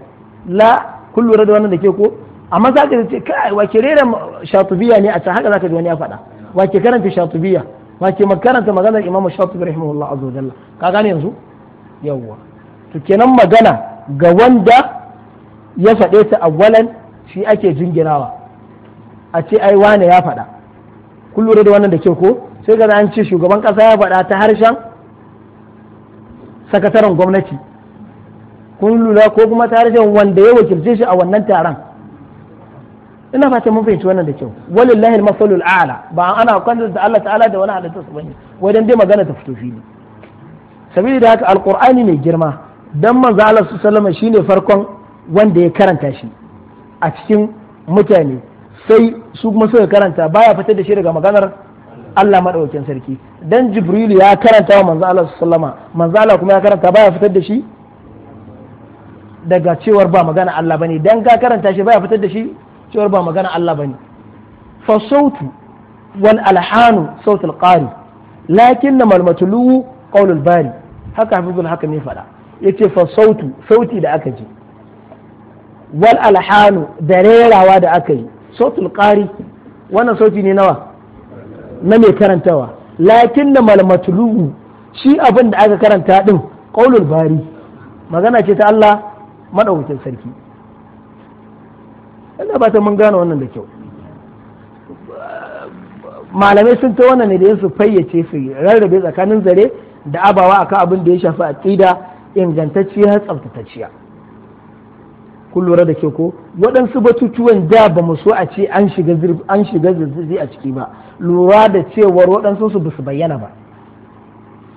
la kullu da wannan da ke ko amma zaka ce kai wa kirera shatubiya ne a can haka zaka ji wani ya faɗa wake karanta shatubiya wake ke makaranta maganar imamu shatubi rahimahullah azza wajalla ka gane yanzu yawwa to kenan magana ga wanda ya faɗe ta awwalan shi ake jinginawa a ce ai wane ya faɗa kun lura da wannan da ke ko sai ga an ce shugaban ƙasa ya faɗa ta harshen sakataren gwamnati kun lura ko kuma ta harshen wanda ya wakilce shi a wannan taron ina fata mun fahimci wannan da kyau walillahi al-masalul a'la ba ana kwanta da Allah ta'ala da wani halitta su bane wai dan dai magana ta fito fili sabili da haka alqur'ani mai girma dan manzo Allah sallallahu shine farkon wanda ya karanta shi a cikin mutane sai su kuma suka karanta baya fitar da shi daga maganar Allah madaukakin sarki dan jibril ya karanta wa manzo Allah wasallam manzo Allah kuma ya karanta baya fitar da shi daga cewar ba magana Allah bane dan ka karanta shi baya fitar da shi cewar ba magana Allah bane fa sautu wal alhanu sautul qari lakin na malmatulu qaulul bari haka hafizul haka ne fada yace fa sautu sauti da aka ji wal alhanu da rerawa da aka yi sautul qari wannan sauti ne nawa na mai karantawa lakin da malmatulu shi abin da aka karanta din qaulul bari magana ce ta Allah madaukakin sarki ina ba ta mun gane wannan da kyau malamai sun ta wannan ne da su fayyace su rarrabe tsakanin zare da abawa akan abin da ya shafi aqida ingantacciya tsaftatacciya kun lura da kyau ko waɗansu batutuwan da ba mu so a ce an shiga zirzi a ciki ba lura da cewar waɗansu su basu bayyana ba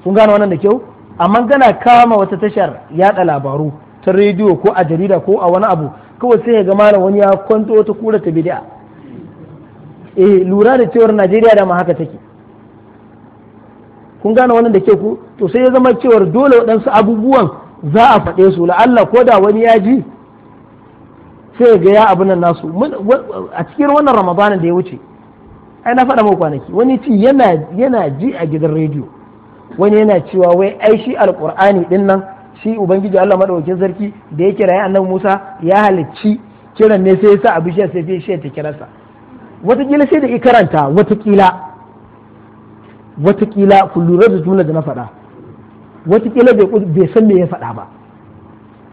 kun gane wannan da kyau amma gana kama wata tashar yaɗa labaru ta rediyo ko a jarida ko a wani abu kawai sai ya ga malam wani ya kwanto wata kura ta bid'a eh lura da cewar Najeriya da ma haka take kun gane wannan da ke ku to sai ya zama cewar dole waɗansu abubuwan za a faɗe su la'alla ko da wani ya ji sai ga ya abin nan nasu a cikin wannan Ramadan da ya wuce ai na faɗa muku kwanaki wani ci yana ji a gidan rediyo wani yana cewa wai ai shi alqur'ani din nan shi ubangiji Allah madaukakin sarki da ya kira annabi Musa ya halicci kiran ne sai ya sa abishiyar sai shi ta wata watakila sai da karanta watakila watakila ku lura da jumla da na faɗa watakila bai san me ya faɗa ba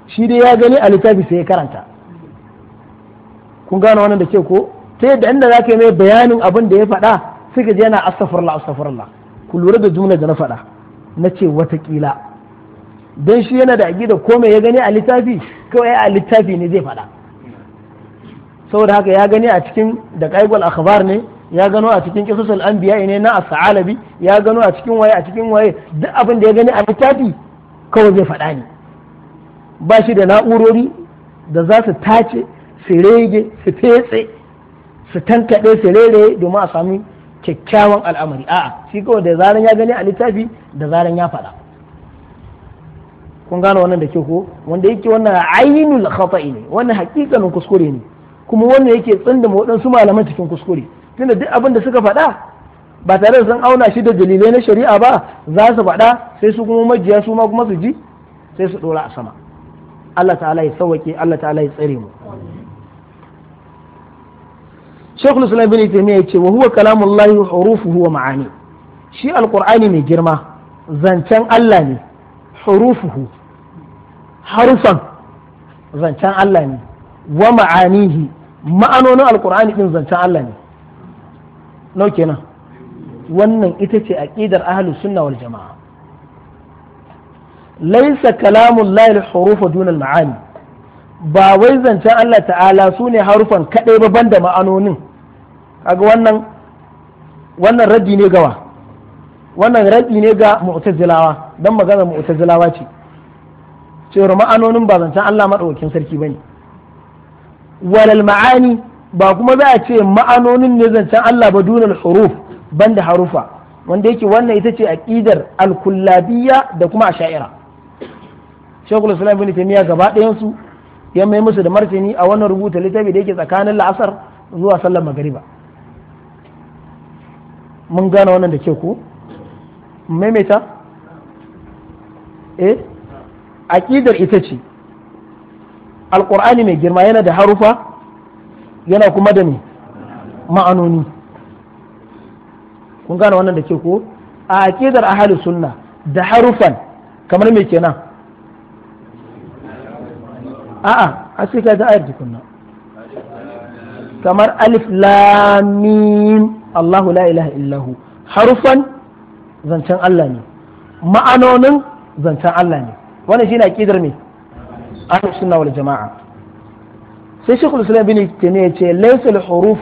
shi dai ya gani a littafi sai ya karanta kun gano wannan da ke ko ta yadda inda za ka yi mai bayanin abin da ya faɗa suka je na astafurla astafurla ku lura da jumla da na faɗa na ce watakila don shi yana da aƙida ko mai ya gani a littafi kawai a littafi ne zai faɗa saboda haka ya gani a cikin da ƙaigwal akhbar ne ya gano a cikin kisasul anbiya ne na asalabi ya gano a cikin waye a cikin waye duk abin da ya gani a littafi kawai zai faɗa ne ba shi da na'urori da za su tace su rege su fetse su tankaɗe su rere domin a sami kyakkyawan al'amari a'a shi kawai da zaran ya gani a littafi da zaran ya faɗa kun gane wannan da ke ko wanda yake wannan ainul khata'i ne wannan hakikanin kuskure ne kuma wannan yake tsindima waɗansu malaman cikin kuskure tunda duk abin da suka faɗa ba tare da sun auna shi da dalilai na shari'a ba za su faɗa sai su kuma majiya su ma kuma su ji sai su ɗora a sama Allah ta'ala ya sauwake Allah ta'ala ya tsare mu Sheikh Islam bin Taymiyyah yace wa huwa kalamullahi hurufuhu wa ma'ani shi alqur'ani mai girma zancen Allah ne hurufuhu harufan zancen Allah ne wa ma'anihi ma'anonin alkur'ani ɗin zancen Allah ne nau kenan wannan ita ce aqidar ahlu sunna wal jama'a laisa kalamun layil hurufa duna ma'ani ba wai zancen Allah ta'ala su ne harufan kaɗai ba banda ma'anonin kaga wannan wannan raddi ne gawa wannan raɗi ne ga mu'tazilawa Don magana mu'tazilawa ce cewar ma'anonin ba zancen Allah maɗaukakin sarki bane walal ma'ani ba kuma za a ce ma'anonin ne zancen Allah ba dunal huruf banda harufa wanda yake wannan ita ce aqidar al-kullabiyya da kuma asha'ira shekul islam bin taymiya gaba ɗayan su ya mai musu da martani a wannan rubuta littafi da yake tsakanin la'asar zuwa sallar magariba mun gane wannan da ke ku. maimaita eh aqidar ita ce alƙurani mai girma yana da harufa yana kuma da me ma'anoni kun gane wannan da ke ko a aqidar ahli sunna da harufan kamar me kenan a'a a sai ka ga ayar kamar alif lamin Allahu la ilaha illahu harufan zancen Allah ne ma'anonin zancen Allah ne wannan shine aqidar me ahlus sunna wal jamaa sai shekul islam bin taymiya ce laysa al huruf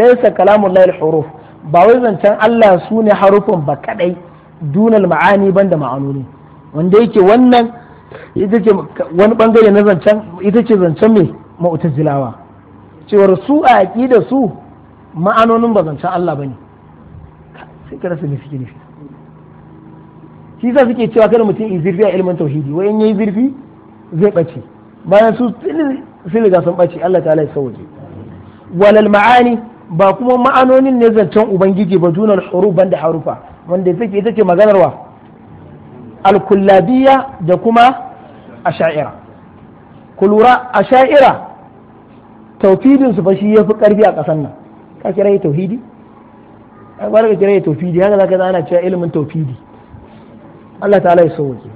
laysa kalamu al huruf ba wai zancen Allah su ne harufin ba kadai dunal ma'ani banda ma'anoni wanda yake wannan ita ce wani bangare na zancen ita ce zancen me mu'tazilawa cewar su a aqida su ma'anonin ba zancen Allah bane sai ka rasa me suke nufi shi za suke cewa kada mutum yi zirfi a ilimin tauhidi wai in yayi zirfi zai bace bayan su sun riga sun bace Allah ta'ala ya sauke walal ma'ani ba kuma ma'anonin ne zancen ubangiji ba dunal huruf banda harufa wanda take ita ce maganar al-kullabiyya da kuma asha'ira kulura asha'ira tauhidin su fa shi yafi karfi a kasan nan ka kira tauhidi ai ba ka kira tauhidi haka zaka ana cewa ilimin tauhidi Allah ta'ala ya wuce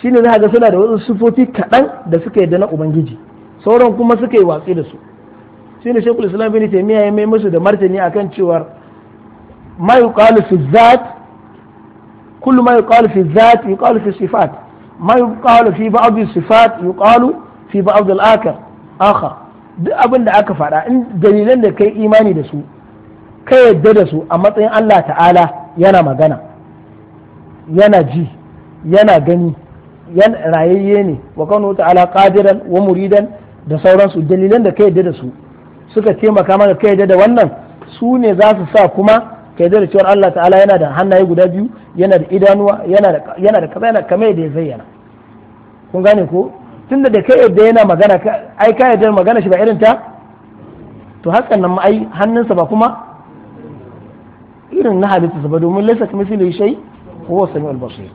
shi ne za ga suna da wasu sufofi kaɗan da suka yi na ubangiji sauran kuma suka yi watsi da su shi ne shekul islam bin taimiyya ya mai musu da martani akan cewar ma yuqalu fi zat kullu ma yuqalu fi zat yuqalu fi sifat ma yuqalu fi fi ba'd duk abin da aka faɗa in dalilan da kai imani da su ka yarda da su a matsayin Allah ta'ala yana magana yana ji yana gani yan rayayye ne wa kanu ta'ala qadiran wa muridan da sauransu dalilan da ka yadda da su suka taimaka maka ka yadda da wannan su ne za su sa kuma ka yadda da cewar Allah ta'ala yana da hannaye guda biyu yana da idanuwa yana da kaza yana kamar da ya zayyana kun gane ko tunda da ka yadda yana magana ai ka yadda magana shi ba irin ta to hakan nan ai hannunsa ba kuma irin na halitta ba domin laysa kamithlihi shay' هو السميع البصير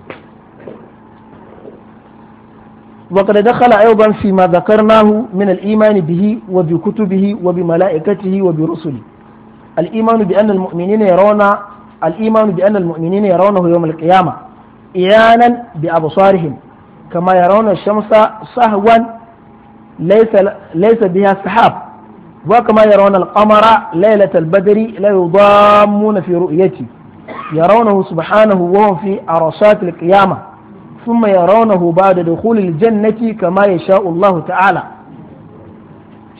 وقد دخل أيضا فيما ذكرناه من الإيمان به وبكتبه وبملائكته وبرسله الإيمان بأن المؤمنين يرون الإيمان بأن المؤمنين يرونه يوم القيامة إيانا بأبصارهم كما يرون الشمس سهوا ليس ليس بها سحاب وكما يرون القمر ليلة البدر لا يضامون في رؤيته yarawnahu subhanahu wa fi arasatil qiyamah thumma yarawnahu ba'da dukhulil jannati kama ya sha Allah ta'ala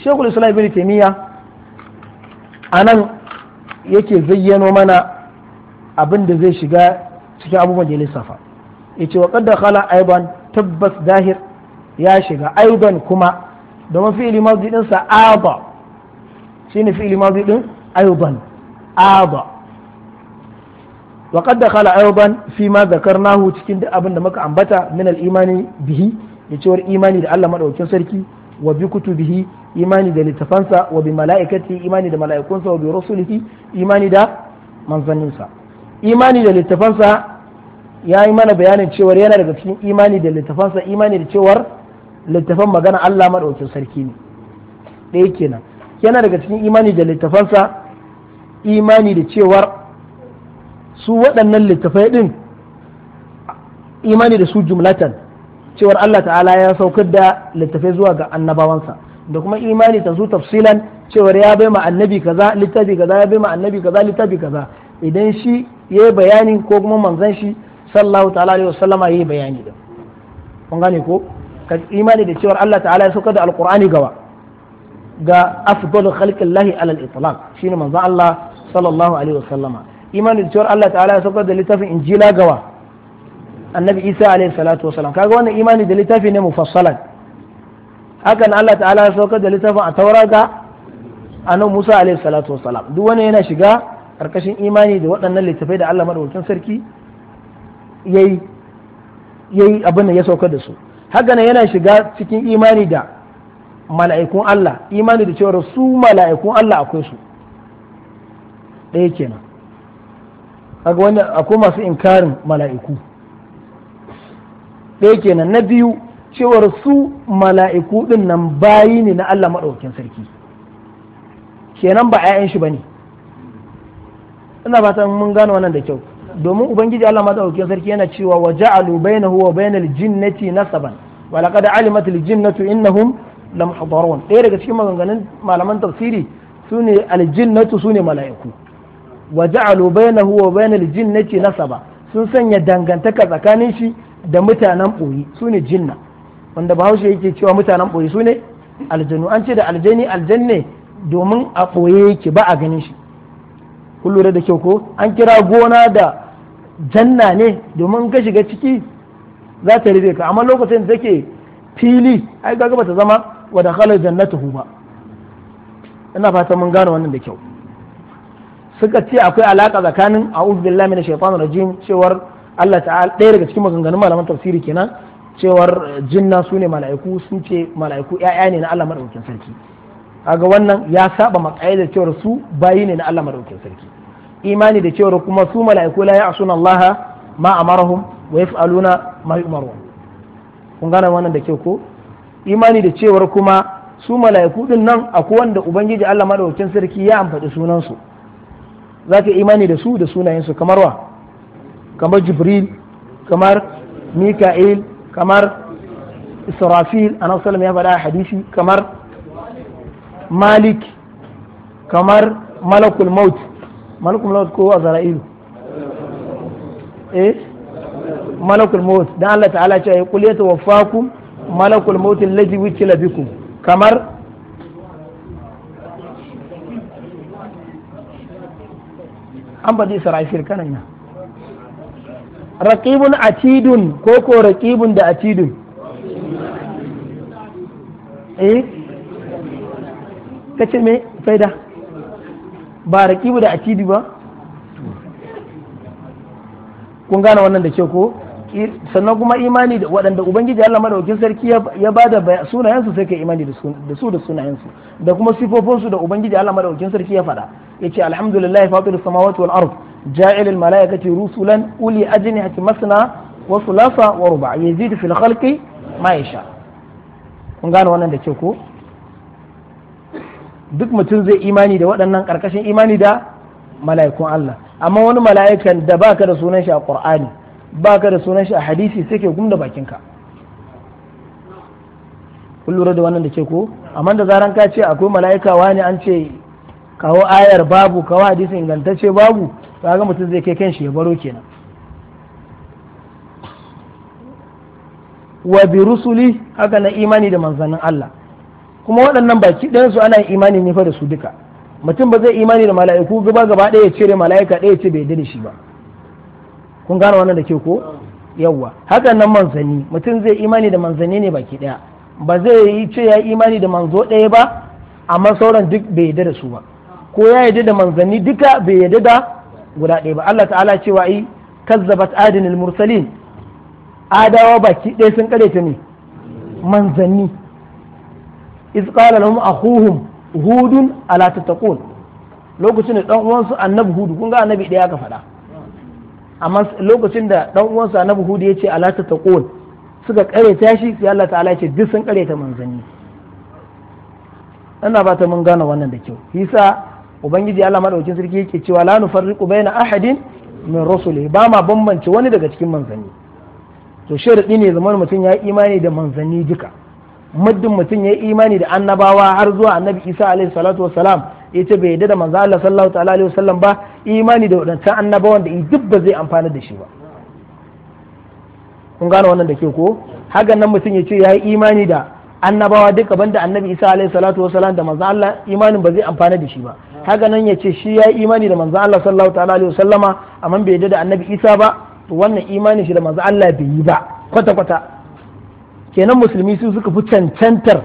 Sheikhul Islam Ibn Taymiyyah anan yake zayyano mana abin da zai shiga cikin abubuwan da ya lissafa yace wa qad dakhala tabbas zahir ya shiga aiban kuma domin fi'ili madhi din sa shine fi'ili madhi din aiban aba wa qad dakhala ayban fi ma zakarnahu cikin duk abin da muka ambata min al imani bihi da imani da Allah madaukakin sarki wa bi kutubihi imani da littafansa wa bi malaikati imani da mala'ikunsa wa bi rusulihi imani da manzanninsa imani da littafansa ya yi mana bayanin cewar yana daga cikin imani da littafansa imani da cewar littafan magana Allah madaukakin sarki ne ɗaya kenan yana daga cikin imani da littafansa imani da cewar su waɗannan littafai ɗin imani da su jumlatan cewar Allah ta'ala ya saukar da littafai zuwa ga annabawansa da kuma imani ta su tafsilan cewar ya bai ma annabi kaza littafi kaza ya bai ma annabi kaza littafi kaza idan shi ya yi bayani ko kuma manzan shi Sallahu ta'ala alaihi wasallama ya yi bayani da kun gane ko ka imani da cewar Allah ta'ala ya saukar da alqur'ani gawa ga afdalu khalqillahi alal itlaq shine manzan Allah sallallahu alaihi wasallama imanin da cewar Allah ta'ala ya saukar da littafin injila gawa annabi isa alaihi salatu wasalam kaga wannan imani da littafi ne mufassalan hakan Allah ta'ala ya saukar da littafin a taura ga annabi musa alaihi salatu wasalam duk wani yana shiga karkashin imani da waɗannan littafai da Allah madaukakin sarki yayi yayi abin da ya saukar da su hakan yana shiga cikin imani da mala'ikun Allah imani da cewar su mala'ikun Allah akwai su ɗaya kenan kaga wannan akwai masu inkarin mala'iku ɗaya kenan na biyu cewar su mala'iku ɗin nan bayi ne na Allah maɗaukakin sarki kenan ba 'ya'yan shi ba ne ina fatan mun gano wannan da kyau domin ubangiji Allah maɗaukakin sarki yana cewa wa ja'alu bainahu wa bainal jinnati nasaban wa laqad alimat al jinnatu innahum hadarun ɗaya daga cikin maganganun malaman tafsiri sune al jinnatu sune mala'iku wa ja'alu bainahu wa bainal jinnati nasaba sun sanya dangantaka tsakanin shi da mutanen boyi sune jinna wanda bahaushe yake cewa mutanen boyi sune aljanu an ce da aljani aljanne domin a boye yake ba a ganin shi kun da kyau ko an kira gona da janna ne domin ka shiga ciki za ta rufe ka amma lokacin da take fili ai ba ta zama wa dakhala jannatuhu ba ina fata mun gane wannan da kyau suka ce akwai alaka tsakanin a'udhu billahi minash shaitanir rajim cewar Allah ta'ala ɗaya daga cikin maganganun malaman tafsiri kenan cewar jinna su ne mala'iku sun ce mala'iku ya'ya ne na Allah madaukakin sarki kaga wannan ya saba maqaidar cewar su bayi ne na Allah madaukakin sarki imani da cewar kuma su mala'iku la ya'suna Allah ma amarahum wa yaf'aluna ma yu'marun kun gane wannan da ke ko imani da cewar kuma su mala'iku din nan akwai wanda ubangiji Allah madaukakin sarki ya amfani sunansu su za ka imani da su da sunayensu kamar wa kamar jibril kamar mika'il kamar israfil a nasarar ya faɗa hadisi kamar malik kamar malakul maut malakul maut ko azra'ilu eh malakul maut dan Allah ta'ala ce ya kuliyata wafakum malakul maut allazi wukila bikum kamar an ba zai sarai shirkanan nan a atidun ko ko raƙibun da atidun eh kace me faida ba raƙibu da atidi ba kun gane wannan da ke ko sannan kuma imani da waɗanda ubangiji Allah maɗaukin sarki ya ba da sunayensu sai ka imani da su da sunayensu da kuma sifofinsu da ubangiji Allah maɗaukin sarki ya faɗa yace alhamdulillah fatir samawati wal ard ja'il al malaikati rusulan uli ajnihati masna wa thulatha wa ruba' yazidu fil khalqi ma yasha kun gane wannan da ke ko duk mutum zai imani da waɗannan ƙarƙashin imani da mala'ikun Allah amma wani mala'ikan da baka da sunan shi a Qur'ani baka da sunan shi a hadisi sai ke gumda bakinka kun lura da wannan da ke ko amma da zaran ka ce akwai mala'ika wani an ce kawo ayar babu kawo hadisi ingantacce babu kaga mutum zai kai kanshi ya baro kenan wa bi rusuli haka na imani da manzannin Allah kuma waɗannan baki ɗayan su ana imani ne fa da su duka mutum ba zai imani da mala'iku gaba gaba ɗaya ya cire mala'ika ɗaya ce bai da shi ba kun gane wannan da ke ko yawwa hakan nan manzanni mutum zai imani da manzanni ne baki ɗaya ba zai yi ce ya imani da manzo ɗaya ba amma sauran duk bai yarda da su ba ko ya yarda da manzanni duka bai yarda da guda ɗaya ba Allah ta'ala cewa ai kazzabat adinil mursalin adawa baki ɗaya sun ta ne manzanni iz qala lahum akhuhum hudun ala tattaqun lokacin da dan uwansu annabi hudu kun ga annabi ɗaya ka faɗa amma lokacin da dan uwansu annabi hudu yace ala tattaqun suka ta shi sai Allah ta'ala yace ce duk sun ta manzanni ina ba ta mun gane wannan da kyau hisa ubangiji Allah maɗaukin sarki yake cewa la nufarriqu baina ahadin min rusuli ba ma bambance wani daga cikin manzanni to sharadi ne zaman mutum ya imani da manzanni duka muddin mutum ya yi imani da annabawa har zuwa annabi Isa alaihi salatu wassalam yace bai yadda da manzo Allah sallallahu ta'ala alaihi wasallam ba imani da wadancan annabawan da duk ba zai amfana da shi ba kun gane wannan da ke ko hakan nan mutum ya ce ya yi imani da annabawa duka banda annabi isa alaihi salatu wasalam da manzo Allah imanin ba zai amfana da shi ba haka nan yace shi ya yi imani da manzo Allah sallallahu ta'ala alaihi wasallama amma bai yarda da annabi isa ba to wannan imanin shi da manzo Allah bai yi ba kwata kwata kenan musulmi su suka fi cancantar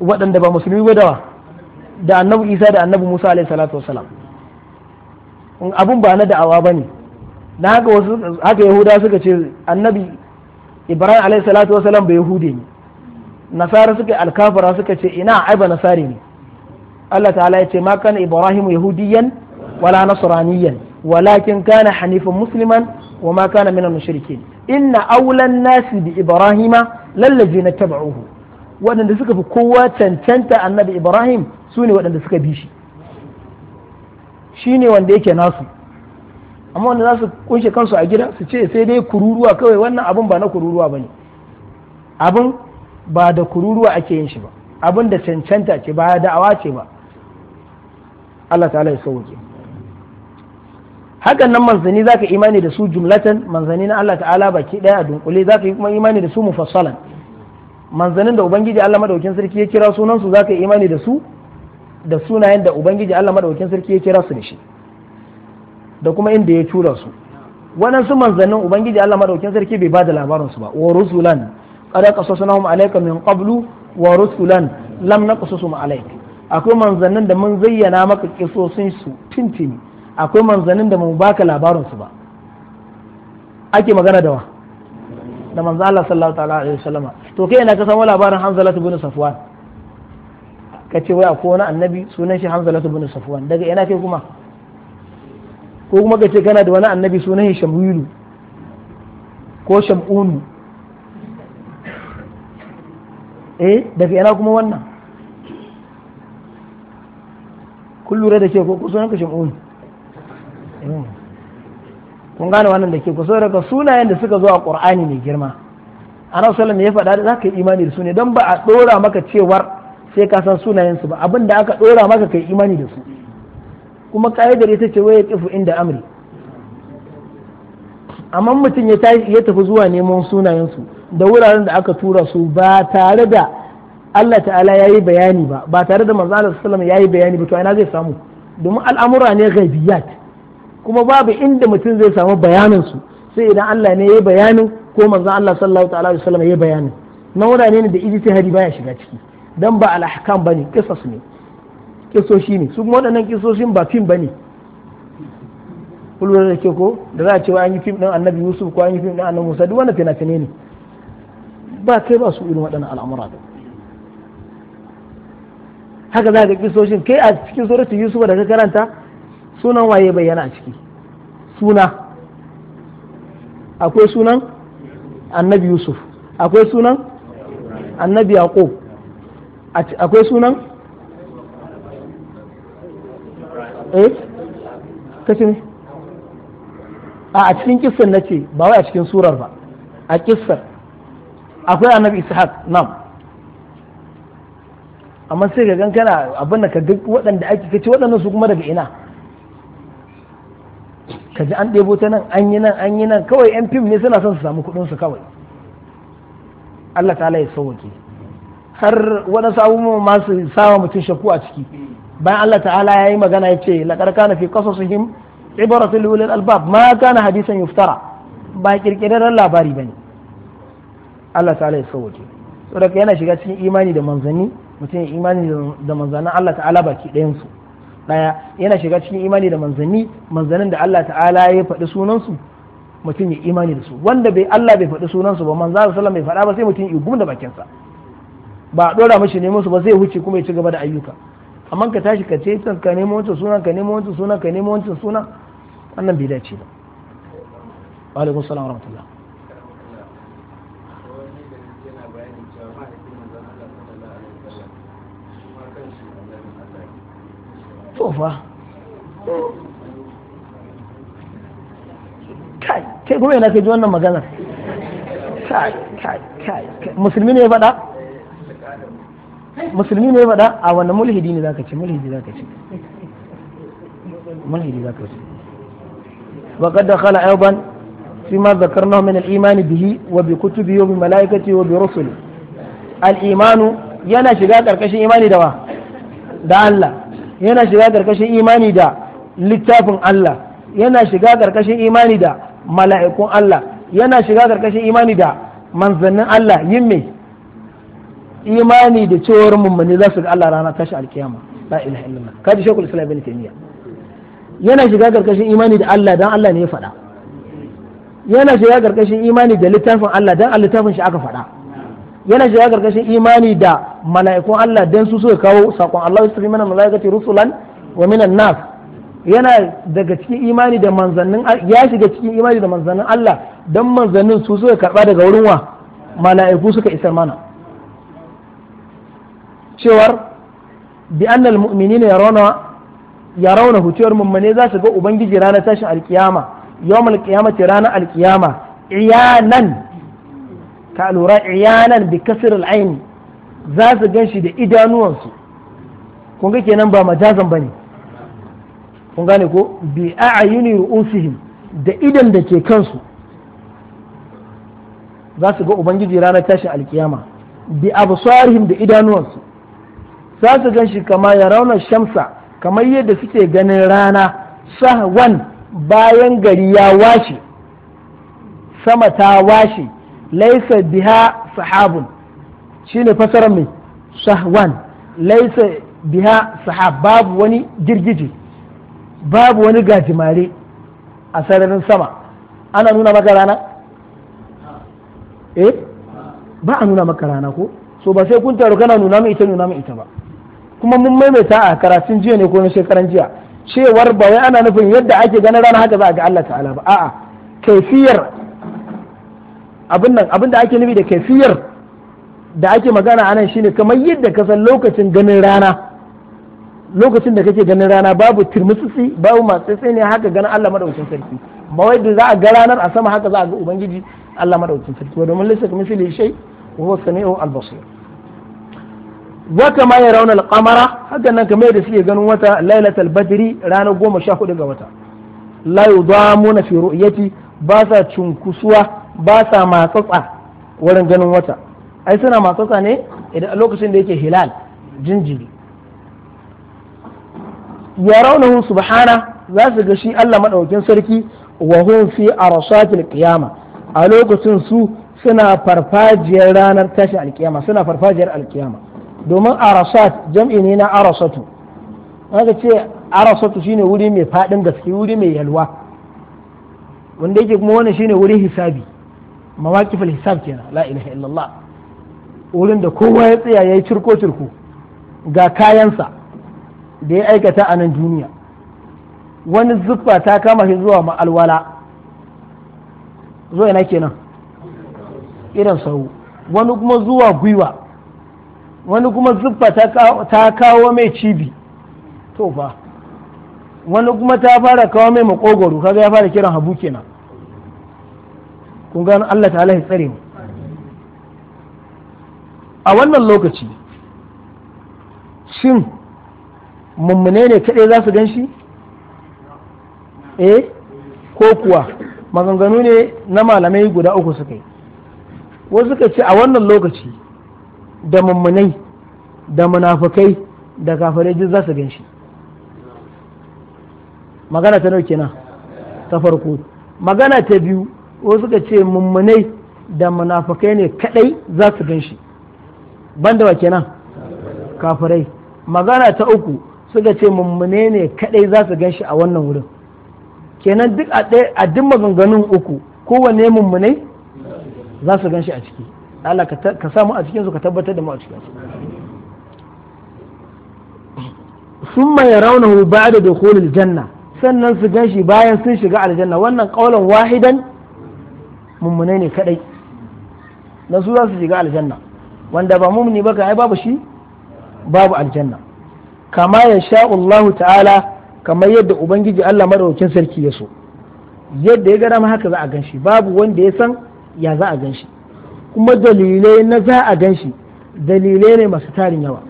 waɗanda ba musulmi ba dawa da annabi isa da annabi musa alaihi salatu wasalam abun ba na da'awa bane na haka wasu haka yahuda suka ce annabi ibrahim alaihi salatu wasalam bai yahude ne nasara suka yi alkafara suka ce ina a'iba ba nasari ne Allah ta'ala ya ce ma kana ibrahim yahudiyan wala nasraniyan walakin kana hanifan musliman wa ma kana minal mushrikin inna aulan nasi bi ibrahima lallazina taba'uhu waɗanda suka fi kowa cancanta annabi ibrahim su ne waɗanda suka bi shi shi ne wanda yake nasu amma wanda za su kunshe kansu a gida su ce sai dai kururuwa kawai wannan abun ba na kururuwa ba ne abin ba da kururuwa ake yin shi ba abin da cancanta ce ba da'awa ce ba Allah ta'ala ya sauke hakan nan manzanni za ka imani da su jumlatan manzanni na Allah ta'ala baki ɗaya a dunkule za ka yi kuma imani da su mufassalan manzannin da ubangiji Allah madaukin sarki ya kira sunan su za ka imani da su da sunayen da ubangiji Allah madaukin sarki ya kira su da shi da kuma inda ya tura su waɗansu manzannin ubangiji Allah madaukin sarki bai ba da labarin su ba wa rusulan qad qasasunahum alayka min qablu wa rusulan lam naqsusum alayka akwai manzannin da mun zayyana maka kisosin su tintini akwai manzannin da mun baka labarin su ba ake magana da wa da manzo Allah sallallahu ta'ala alaihi wasallama to kai ina ka samu labarin Hanzalatu ibn Safwan ka ce wai akwai wani annabi sunan shi Hanzalatu ibn Safwan daga ina kai kuma ko kuma ka ce kana da wani annabi sunan shi Shamwilu ko Shamunu eh daga ina kuma wannan kun lura da ke ko kusa yanka shimun hmm. kun gane wannan da ke kusa daga sunayen da suka zo a ƙur'ani mai girma ana sallam ya faɗa za ka yi imani da su ne don ba a ɗora maka cewar sai ka san sunayen su ba abin da aka ɗora maka kai imani da su kuma ƙa'idar ita ce waye kifu inda amri amma mutum ya tafi zuwa neman sunayen su da wuraren da aka tura su ba tare da Allah ta'ala ya yi bayani ba ba tare da manzo Allah ya yi bayani ba to ina zai samu domin al'amura ne ghaibiyat kuma babu inda mutum zai samu bayanin su sai idan Allah ne ya yi bayanin ko manzan Allah sallallahu ta'ala alaihi wasallam ya yi bayanin na wurare ne da hari baya shiga ciki dan ba al bane kisas ne kisoshi ne su kuma waɗannan kisoshin ba fim bane kullum da ke ko da za a ce an yi fim ɗin annabi yusuf ko an yi fim ɗin annabi musa duk wanda fina-fine ne ba kai ba su irin waɗannan al'amura da haka za ka kisoshin kai a cikin suratul yusuf da ka karanta sunan waye bayyana a ciki suna akwai sunan annabi yusuf akwai sunan annabi yaqub akwai sunan eh kace ne a cikin na nace ba wai a cikin surar ba a kissar akwai annabi ishaq nam amma sai ga gan kana abin da ka duk waɗanda ake kace waɗannan su kuma daga ina ka ji an ɗebo ta nan an yi nan an yi nan kawai yan fim ne suna son su samu kuɗin su kawai Allah ta'ala ya sauke har waɗansu abubuwan masu sawa mutum shakku a ciki bayan Allah ta'ala ya yi magana ya ce laƙar kana fi qasasihim ibaratul ulil albab ma kana hadisan yuftara ba kirkirarren labari bane Allah ta'ala ya sauke saboda yana shiga cikin imani da manzanni mutum ya imani da manzanin Allah ta'ala baki ɗayan su ɗaya yana shiga cikin imani da manzanni manzanin da Allah ta'ala ya faɗi sunansu mutum ya imani da su wanda bai Allah bai faɗi sunansu ba manzo sallallahu bai faɗa ba sai mutum ya gumda da bakinsa ba dora mishi neman su ba zai huce kuma ya ci gaba da ayyuka amma ka tashi ka ce ka nemo wancan sunan ka nemo wancan sunan ka nemo wancan sunan wannan bai dace ba wa alaikum salam wa rahmatullah to fa kai kai kuma yana kai ji wannan magana kai kai kai musulmi ne ya faɗa musulmi ne ya faɗa a wannan mulhidi ne zaka ce mulhidi zaka ce mulhidi zaka ce wa qad dakhala ayban فيما ذكرناه من الإيمان به وبكتبه وبملائكته وبرسله الإيمان yana shiga ƙarƙashin imani da wa da Allah yana shiga karkashin imani da littafin Allah yana shiga karkashin imani da mala'ikun Allah yana shiga karkashin imani da manzannin Allah yin mai imani da cewar mummuni za su ga Allah rana tashi alkiyama la ilaha illallah kaji shekul islam ibn taymiya yana shiga karkashin imani da Allah dan Allah ne ya faɗa yana shiga karkashin imani da littafin Allah dan littafin shi aka faɗa yana shiga karkashin imani da mala'ikun Allah dan su suka kawo sakon Allah tsari mana mala'ikati rusulan wa minan nas yana daga cikin imani da manzannin ya shiga cikin imani da manzannin Allah dan manzannin su suka karba daga wurin wa mala'iku suka isar mana cewar bi annal mu'minina yarawna yarawna hutiyar mummane za su ga ubangiji ranar tashin alkiyama yawmal qiyamati ranar alkiyama iyanan ka lura iyanan bi kasir al'ain za su gan shi da idanuwansu kun ga kenan ba majazan bane kun gane ko bi a'yuni ru'usihim da idan da ke kansu za su ga ubangiji ranar tashin alkiyama bi absarihim da idanuwansu za su gan shi kama ya rauna shamsa kamar yadda suke ganin rana sahwan bayan gari ya washe sama ta washe laisa biha sahabun shine fasarar mai shahwan laisa biha sahab babu wani girgije babu wani gajimare a sararin sama ana nuna maka rana eh ba a nuna maka rana ko so ba sai kun taru kana nuna mai ita nuna mai ita ba kuma mun maimaita a karatun jiya ne ko na shekaran jiya cewar ba wai ana nufin yadda ake ganin rana haka za a ga Allah ta'ala ba a'a kaifiyar abin nan abin da ake nufi da kafiyar da ake magana anan shine kamar yadda ka san lokacin ganin rana lokacin da kake ganin rana babu turmutsutsi babu matsatsi ne haka ganin Allah madaukakin sarki ba wai da za a ga ranar a sama haka za a ga ubangiji Allah madaukakin sarki domin lissa kamar shi shay wa huwa samiu al-basir wa kama yarawna al-qamara haka nan kamar da suke ganin wata lailatul badri ranar 14 ga wata la yudamuna fi ru'yati ba sa cunkusuwa ba sa matsatsa wurin ganin wata ai suna matsatsa ne idan a lokacin da yake hilal jinjiri ya raunahu subhana za su ga shi Allah maɗaukin sarki wa hun fi qiyama a lokacin su suna farfajiyar ranar tashi alkiyama suna farfajiyar alkiyama domin arasat jam'i ne na arasatu haka ce arasatu shine wuri mai faɗin gaske wuri mai yalwa wanda yake kuma wani shine wuri hisabi mawaqif hisab kenan la ilaha illallah wurin da kowa ya tsaya yayi cirko cirko ga kayansa da ya aikata a nan duniya wani zuffa ta kama shi zuwa ma'alwala zuwa ina kenan irin sau wani kuma zuwa gwiwa wani kuma zuffa ta kawo mai cibi to fa wani kuma ta fara kawo mai makogoro kaga ya fara kiran habu kenan kun gano Allah ta'ala ya tsare mu a wannan lokaci shin mummune ne kaɗai za su gan eh ko kuwa maganganu ne na malamai guda uku suka yi wasu suka ce a wannan lokaci da mummunai da munafukai da kafirai za su gan magana ta nauke na ta farko magana ta biyu ko suka ce mummunai da munafukai ne kadai za su gan shi banda wa kenan kafirai magana ta uku suka ce mummune ne kadai za su gan shi a wannan wurin kenan duk a duk maganganun uku kowanne mummunai za su gan shi a ciki Allah ka samu a cikinsu ka tabbatar da mu a cikinsu raunar ba da dokolin janna sannan su gan shi bayan sun shiga aljanna wannan qaulan wahidan mummunai ne kadai na su za su shiga aljanna wanda ba mumuni ba ai babu shi babu aljanna kama ya sha Allahu ta'ala kamar yadda ubangiji Allah madaukin sarki ya so yadda ya gada ma haka za a ganshi babu wanda ya san ya za a ganshi kuma dalilai na za a ganshi dalilai ne masu tarin yawa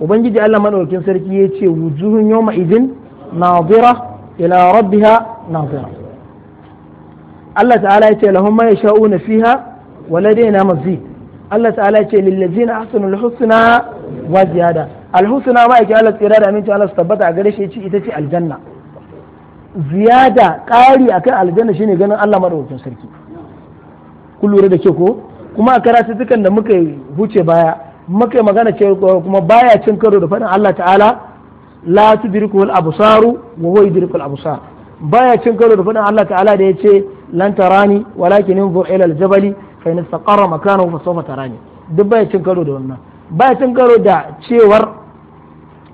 ubangiji Allah madaukin sarki ya ce wujuhun yawma idin nadira ila rabbiha nadira Allah ta'ala ya ce lahum ma yasha'una fiha wa ladaina mazid Allah ta'ala ya ce lil ladzina al husna wa ziyada al husna ma yake Allah tsira da aminci Allah su tabbata a gare shi ce ita ce aljanna ziyada ƙari akan aljanna shine ganin Allah madaukakin sarki ku lura da ke ko kuma a karatu dukan da muka huce baya muka magana ce kuma baya cin karo da faɗin Allah ta'ala la tudrikul absaru wa huwa absar baya cin karo da faɗin Allah ta'ala da yace lan tarani walakin inzur ila aljabal fa in istaqarra makanahu fa sawfa tarani duk baya cin karo da wannan baya cin karo da cewar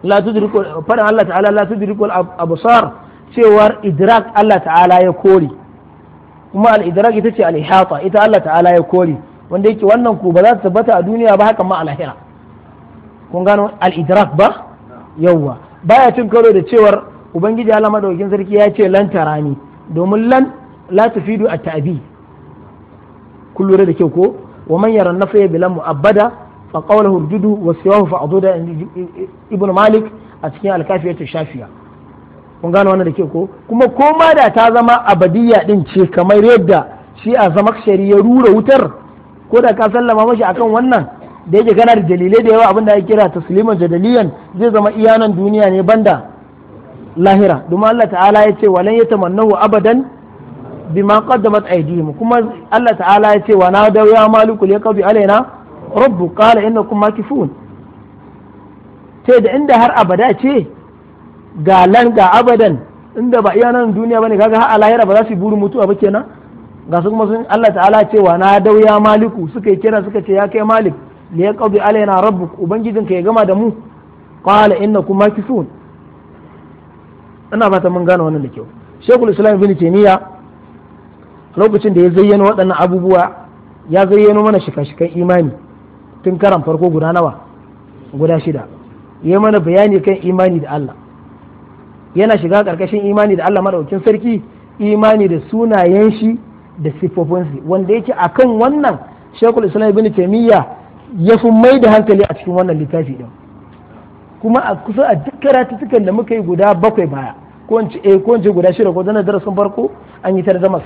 la tudriku fadan Allah ta'ala la tudriku al-absar cewar idrak Allah ta'ala ya kore kuma al-idrak ita ce al-ihata ita Allah ta'ala ya kore wanda yake wannan ku ba za ta tabbata a duniya ba haka ma a lahira kun gano al-idrak ba yawwa baya cin karo da cewar ubangiji Allah madaukakin sarki ya ce lan tarani domin lan la tufidu a ta'bi kun da kyau ko wa man yara nafiya bilan mu'abbada a qawluhu hurdudu wa siwahu fa ibnu malik a cikin alkafiyatu shafiya kun gano wannan da kyau ko kuma koma da ta zama abadiyya din ce kamar yadda shi a zama ya rura wutar ko da ka sallama mashi akan wannan da yake gana da dalilai da yawa abinda ya kira tasliman jadaliyan zai zama iyanan duniya ne banda lahira domin Allah ta'ala ya ce walan yatamannahu abadan bima qaddamat aydihim kuma Allah ta'ala ya ce wa na da ya maliku ya qadi alaina rabbu qala innakum makifun ce da inda har abada ce ga lan ga abadan inda ba iya nan duniya bane kaga har alahira ba za su buru mutuwa ba kenan ga su kuma sun Allah ta'ala ce wa na da ya maliku suka yi kira suka ce ya kai malik li ya qadi alaina ubangijin ka ya gama da mu qala innakum makifun ina fata mun gane wannan da kyau shekul islam ibn taymiya lokacin da ya zayyano waɗannan abubuwa ya zayyano mana shika-shikan imani tun karan farko guda nawa guda shida ya mana bayani kan imani da Allah yana shiga ƙarƙashin imani da Allah maɗaukin sarki imani da sunayen shi da siffofinsu wanda yake kan wannan shekul islam ibn taimiyya ya fi mai da hankali a cikin wannan littafi ɗin kuma a kusa a duk karatuttukan da muka yi guda bakwai baya ko in ce eh, guda shida ko zana darasin farko an yi ta da ne.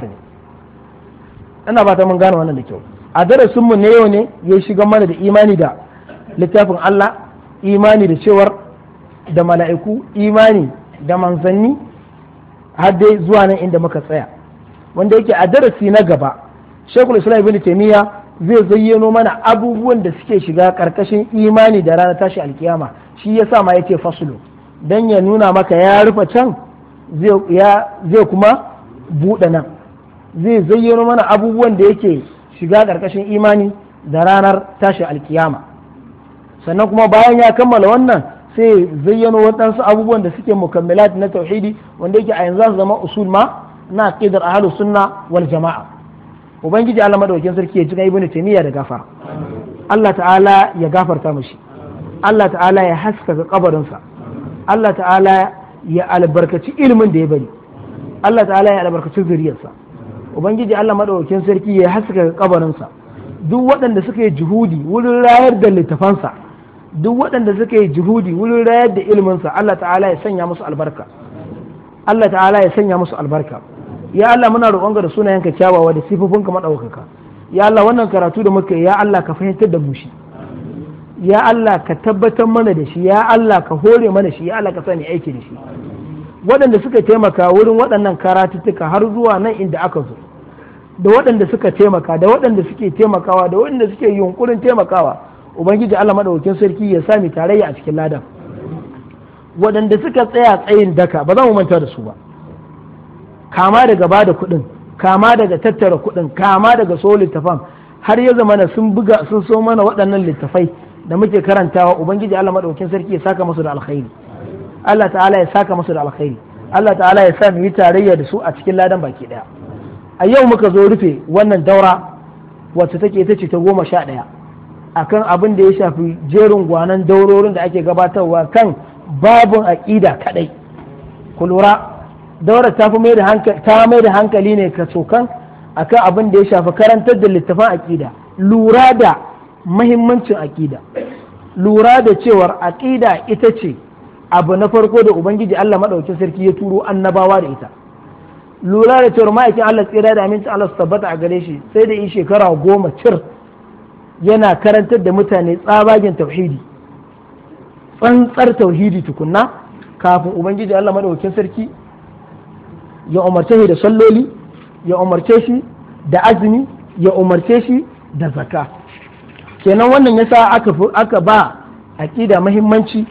ina ba ta mun gane wannan da kyau a darasin mu ne yau ne ya shiga mana da imani da littafin Allah imani da cewar da mala'iku imani da manzanni har dai zuwa nan inda muka tsaya wanda yake a darasi na gaba shekul islam ibn taymiya zai zayyano mana abubuwan da suke shiga karkashin imani da ranar tashi alkiyama shi yasa ma yake fasulu dan ya nuna maka ya rufe can zai kuma buɗe nan zai zayyano mana abubuwan da yake shiga ƙarƙashin imani da ranar tashi alkiyama sannan kuma bayan ya kammala wannan sai zayyano waɗansu abubuwan da suke mukammilat na tauhidi wanda yake a yanzu zama usul ma na aqidar a sunna wal jama'a ubangiji Allah madaukakin sarki ya jika ibnu taymiya da gafara Allah ta'ala ya gafarta mishi Allah ta'ala ya haskaka kabarinsa Allah ta'ala ya albarkaci ilimin da ya bari Allah ta'ala ya albarkaci zuriyarsa ubangiji Allah madaukakin sarki ya haska kabarinsa duk waɗanda suka yi juhudi wurin rayar da littafansa duk waɗanda suka yi juhudi wurin rayar da ilminsa Allah ta'ala ya sanya musu albarka Allah ta'ala ya sanya musu albarka ya Allah muna roƙonka da sunayenka kyawawa da sifofinka madaukaka ya Allah wannan karatu da muka yi ya Allah ka fahimtar da mu shi ya Allah ka tabbatar mana da shi ya Allah ka hore mana shi ya Allah ka sani aiki da shi waɗanda suka taimaka wurin waɗannan karatuttuka har zuwa nan inda aka zo da waɗanda suka taimaka da waɗanda suke taimakawa da waɗanda suke yunkurin taimakawa ubangiji Allah madaukakin sarki ya sami tarayya a cikin ladan waɗanda suka tsaya tsayin daka ba za mu manta da su ba kama daga bada kuɗin kama daga tattara kuɗin kama daga so littafan har ya zamana sun buga sun so mana waɗannan littafai da muke karantawa ubangiji Allah madaukakin sarki ya saka musu da alkhairi Allah ta'ala ya saka musu da alkhairi Allah ta'ala ya sa mu yi tarayya da su a cikin ladan baki ɗaya a yau muka zo rufe wannan daura wacce take ita ce ta goma sha ɗaya A kan abin da ya shafi jerin gwanan daurorin da ake gabatarwa kan babin aƙida kaɗai ku lura daura ta mai da hankali ne ka cokan akan abin da ya shafi karantar da littafan aƙida lura da mahimmancin aƙida lura da cewar aƙida ita ce abu na farko da ubangiji allah maɗaukin sarki ya turo annabawa da ita lura da cewar ma'aikin Allah tsira da aminci Allah su tabbata a gare shi sai da yi shekara goma cir yana karantar da mutane tsabagen tauhidi tsantsar tauhidi tukunna kafin ubangiji Allah madaukakin sarki ya umarce shi da salloli ya umarce shi da azumi ya umarce shi da zakka kenan wannan yasa aka aka ba aqida muhimmanci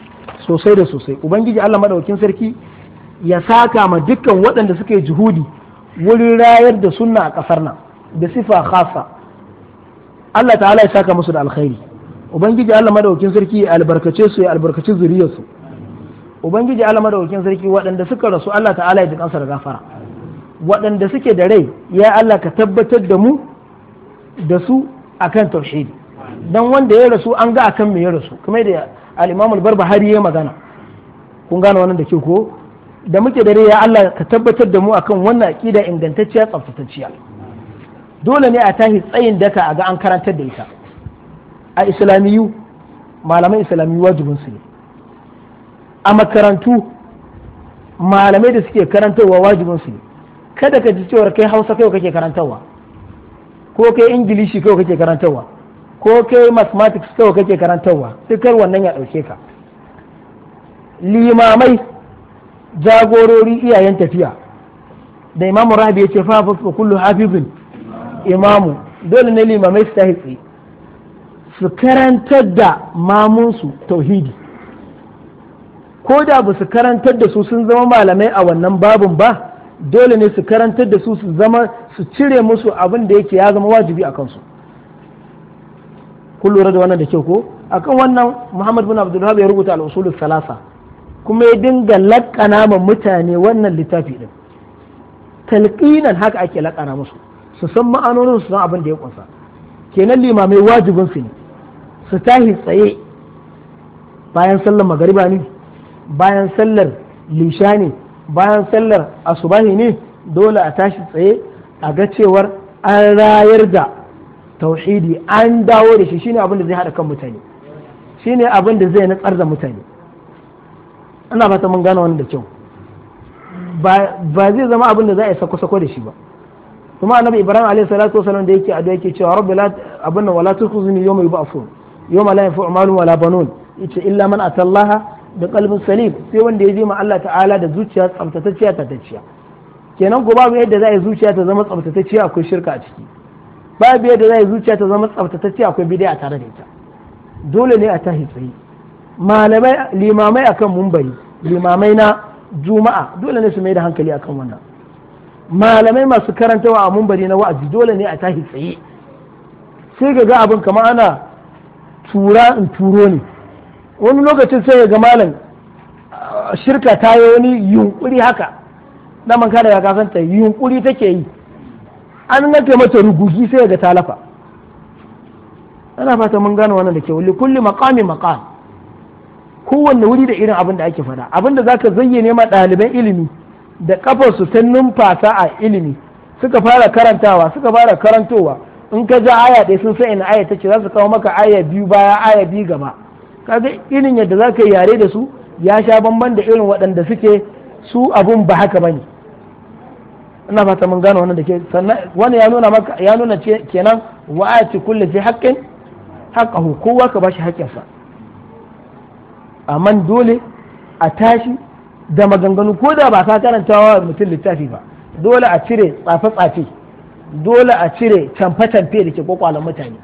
sosai da sosai ubangiji Allah madaukakin sarki ya saka ma dukkan waɗanda suka yi juhudi wurin rayar da sunna a ƙasar nan da sifa khasa Allah ta'ala ya saka musu da alkhairi ubangiji Allah madaukakin sarki ya albarkace su ya albarkaci zuriyarsu ubangiji Allah madaukakin sarki waɗanda suka rasu Allah ta'ala ya ji kansa da gafara waɗanda suke da rai ya Allah ka tabbatar da mu da su akan tauhidi dan wanda ya rasu an ga akan me ya rasu kuma da al-Imam al-Barbahari ya magana kun gane wannan da ke ko da muke dare ya Allah ka tabbatar da mu akan wannan aqida ingantacciya tsaftatacciya dole ne a tahi tsayin daka a ga an karantar da ita a islamiyu malaman islamiyu wajibin su ne a makarantu malamai da suke karantarwa wajibin su ne kada ka ji cewar kai hausa kai kake karantarwa ko kai ingilishi kai kake karantarwa ko kai mathematics kai kake karantarwa sai kar wannan ya ɗauke ka limamai jagorori iyayen tafiya da imamu rabi ya ce fafas su kullu hafifin imamu dole ne limamai su tahitsi su karantar da mamunsu tauhidi ko da ba su karantar da su sun zama malamai a wannan babin ba dole ne su karantar da su su zama su cire musu abin da yake ya zama wajibi a kansu kullum da wannan da ke ko akan wannan muhammad bin abdullahi ya rubuta al salasa kuma ya dinga laƙana ma mutane wannan littafi din talqinan haka ake laƙana musu su san ma'anonin su san abin da ya kunsa kenan limamai wajibin su ne su tahi tsaye bayan sallar magariba ne bayan sallar lisha ne bayan sallar asubahi ne dole a tashi tsaye a ga cewar an rayar da tauhidi an dawo da shi shine abin da zai haɗa kan mutane shine abin da zai nutsar da mutane ina fata mun gane wani da kyau ba zai zama abin da za a yi sako-sako da shi ba kuma annabi ibrahim alayhi salatu wasallam da yake addu'a yake cewa rabbi la abin nan wala tukhzini yawma yub'athun yawma la yanfa'u malun wala banun yace illa man atallaha da qalbin salim sai wanda ya je ma Allah ta'ala da zuciya ta tacciya kenan ko babu yadda za a yi zuciya ta zama tsaftatacciya akwai shirka a ciki babu yadda za a yi zuciya ta zama tsaftatacciya akwai bid'a tare da ita dole ne a tahi tsayi. malamai limamai akan mumbari limamai na juma'a dole ne su mai da hankali akan wannan malamai masu karantawa a mumbari na wa'azi dole ne a tashi tsaye sai ga abin kamar ana tura in turo ne wani lokacin sai ga malam shirka ta yi wani yunkuri haka na man kada ya kasanta yunkuri take yi an nake mata rugugi sai ga talafa ana fata mun gano wannan da ke wuli kulli maqami maqam kowanne wuri da irin abin da ake fada abin da zaka zayyane ma ɗaliban ilimi da kafar su ta numfasa a ilimi suka fara karantawa suka fara karantowa in ka ja aya ɗaya sun san ina aya ce za su kawo maka aya biyu baya aya biyu gaba kaga irin yadda za ka yare da su ya sha bamban da irin waɗanda suke su abun ba haka bane ina fata mun gane wannan da ke sannan wani ya nuna maka ya nuna kenan wa'ati kulli fi haqqin haqqahu kowa ka bashi haƙƙinsa amma dole a tashi da maganganu ko da ba ka karantawa mutum littafi ba dole a cire tsafe-tsafe dole a cire camfe canfe da ke kwakwalon mutane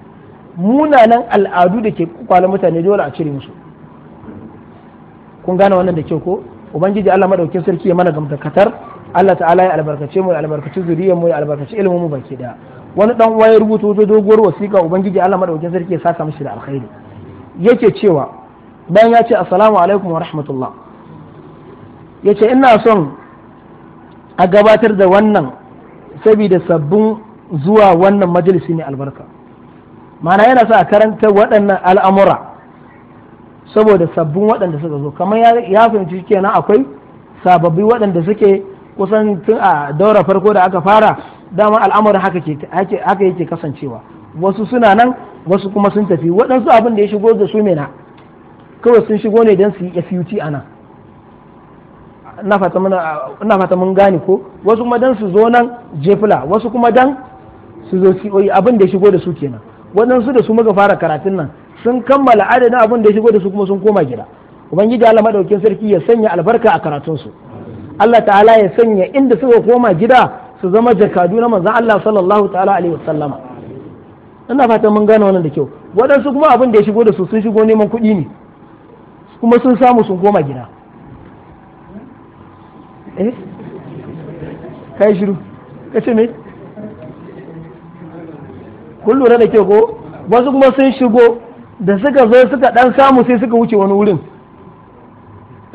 munanan al'adu da ke kwakwalon mutane dole a cire musu kun gane wannan da ke ko ubangiji Allah madaukin sarki ya mana gamtakatar Allah ta'ala ya albarkace mu ya albarkaci zuriyar mu ya albarkaci ilimin mu baki da wani dan wayar ya rubuta wata doguwar wasiƙa ubangiji Allah madaukin sarki ya saka mishi da alkhairi yake cewa bayan ya ce assalamu alaikum wa rahmatullah ya ce ina son a gabatar da wannan saboda sabbin zuwa wannan majalisi ne albarka Mana yana sa a karanta waɗannan al'amura saboda sabbin waɗanda suka zo kamar ya fahimci kenan akwai sababbi waɗanda suke kusan tun a daura farko da aka fara dama al'amura haka yake kasancewa wasu suna nan wasu kuma sun tafi waɗansu abin da ya shigo da su mena kawai sun shigo ne don su yi FUT a nan ina fata mun gane ko wasu kuma don su zo nan jefula wasu kuma don su zo COE abin da ya shigo da su kenan waɗansu da su muka fara karatun nan sun kammala adadin abin da ya shigo da su kuma sun koma gida ubangiji Allah madaukin sarki ya sanya albarka a karatunsu Allah ta'ala ya sanya inda suka koma gida su zama jakadu na manzon Allah sallallahu ta'ala alaihi wasallama ina fata mun gane wannan da kyau waɗansu kuma abin da ya shigo da su sun shigo neman kuɗi ne kuma sun samu sun koma gida eh kai shiru ka ce me kun lura da ke ko wasu kuma sun shigo da suka zo suka dan samu sai suka wuce wani wurin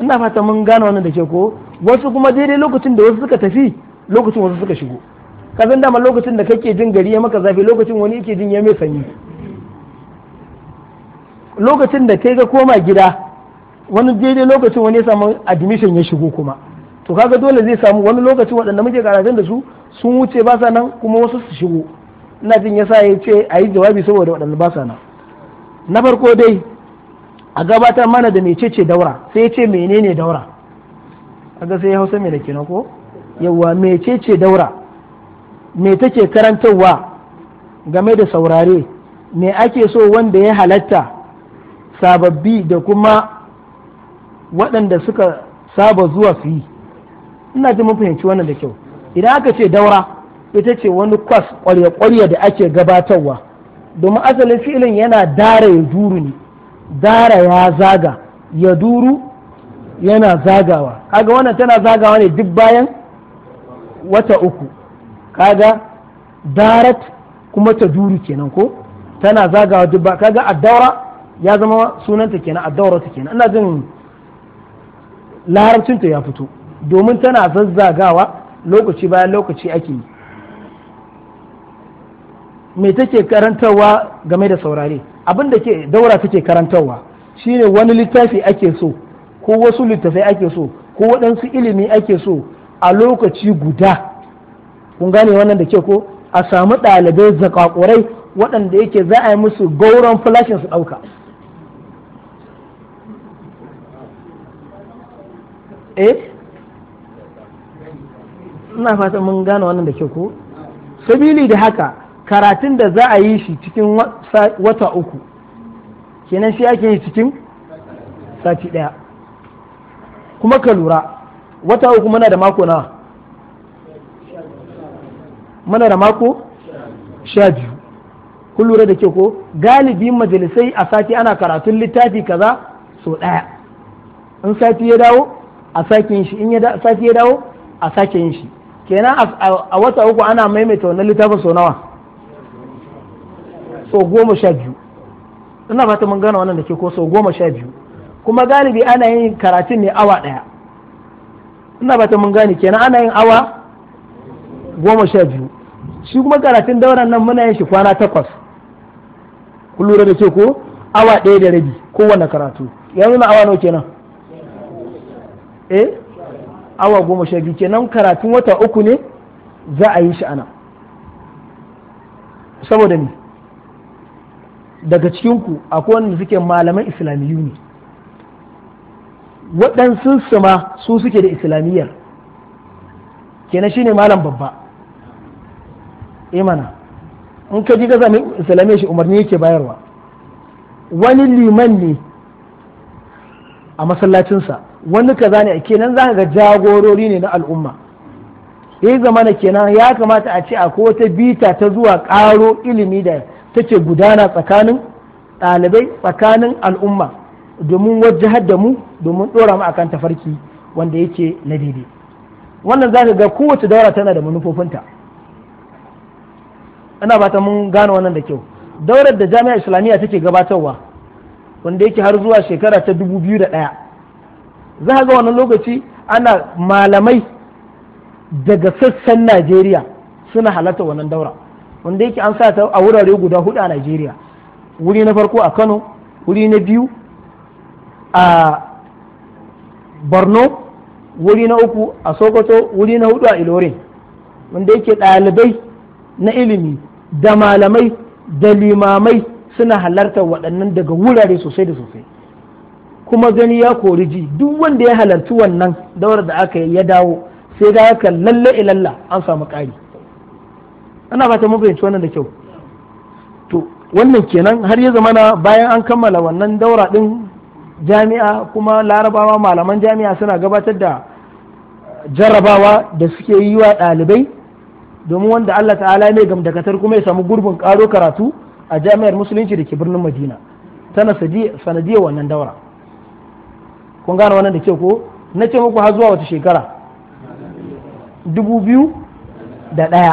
ina fata mun gane wannan da ke ko wasu kuma daidai lokacin da wasu suka tafi lokacin wasu suka shigo ka san dama lokacin da kake jin gari ya maka zafi lokacin wani yake jin ya mai sanyi lokacin da kai ga koma gida wani daidai lokacin wani ya samu admission ya shigo kuma to kaga dole zai samu wani lokacin waɗanda muke karatun da su sun wuce ba sa nan kuma wasu su shigo ina jin yasa ya ce a yi jawabi saboda waɗanda ba sa nan na farko dai a gabatar mana da mecece daura sai ya ce menene daura kaga sai ya hausa mai da kenan ko yawa mecece daura me take karantarwa game da saurare me ake so wanda ya halatta sababbi da kuma waɗanda suka saba zuwa su yi ina ji mun fahimci wannan da kyau idan aka ce daura ita ce wani kwas ƙwarya-ƙwarya da ake gabatarwa domin asalin filin yana dara ya duru ne dara ya zaga ya duru yana zagawa kaga wannan tana zagawa ne duk bayan wata uku kaga darat kuma ta duru kenan ko tana zagawa duk ba kaga addaura ya zama sunanta kenan addaura ta kenan ina jin larabcinta ya fito domin tana zazzagawa lokaci bayan lokaci ake yi me take karantarwa game da saurare abin da ke daura take karantarwa shine wani littafi ake so ko wasu littafai ake so ko waɗansu ilimi ake so a lokaci guda kun gane wannan da ke ko a samu ɗalibai zakakurai waɗanda yake za a yi musu gauron flashin su ɗauka eh ina fata mun gane wannan da ke ko sabili da haka karatun da za a yi shi cikin wata uku kenan shi ake yi cikin sati ɗaya kuma ka lura wata uku muna da mako na muna da mako sha biyu kun lura da ke ko galibin majalisai a sati ana karatun littafi kaza sau ɗaya in sati ya dawo a sake yin shi in ya sake ya dawo a sake yin shi kenan a wata uku ana maimaita wannan littafin sau nawa sau goma sha biyu ina fata mun gane wannan da ke ko sau goma sha biyu kuma galibi ana yin karatun ne awa ɗaya ina fata mun gane kenan ana yin awa goma sha biyu shi kuma karatun dauran nan muna yin shi kwana takwas kun lura da ke ko awa ɗaya da rabi kowane karatu yanzu na awa nawa kenan eh awa goma sha biyu kenan karatun wata uku ne za a yi shi ana saboda ni daga cikinku akwai wanda suke malaman islamiyu ne waɗansu su ma su suke da islamiyyar kenan shi ne malam babba imana eh in ka ji gaza mai islamiyyar shi umarni yake bayarwa wani liman ne a masallacinsa wani kaza ne kenan za ga jagorori ne na al'umma ya zamana kenan ya kamata a ce akwai wata bita ta zuwa karo ilimi da ta ce gudana tsakanin ɗalibai tsakanin al'umma domin wajahar da mu domin ɗora mu akan tafarki wanda yake na daidai wannan za ka ga kowace daura tana da manufofinta ana ba ta mun gane wannan da kyau daurar da jami'a islamiyya take gabatarwa wanda yake har zuwa shekara ta dubu biyu da ɗaya za ga wannan lokaci ana malamai daga sassan najeriya suna halatta wannan daura wanda yake an sa ta a wurare guda hudu a najeriya wuri na farko a kano wuri na biyu a borno wuri na uku a sokoto wuri na hudu a ilorin wanda yake ɗalibai na ilimi da malamai da limamai suna halarta waɗannan daga wurare sosai da sosai kuma gani ya kori ji duk wanda ya halarci wannan daura da aka yi ya dawo sai ga haka lalle ilalla an samu ƙari ana fata mu fahimci wannan da kyau to wannan kenan har ya zama na bayan an kammala wannan daura din jami'a kuma larabawa malaman jami'a suna gabatar da jarrabawa da suke yi wa ɗalibai domin wanda Allah ta'ala mai gamdakatar kuma ya samu gurbin ƙaro karatu a jami'ar musulunci da ke birnin madina tana sanadiyar wannan daura kun gane wannan da ke ko na ce muku har zuwa wata shekara dubu biyu da ɗaya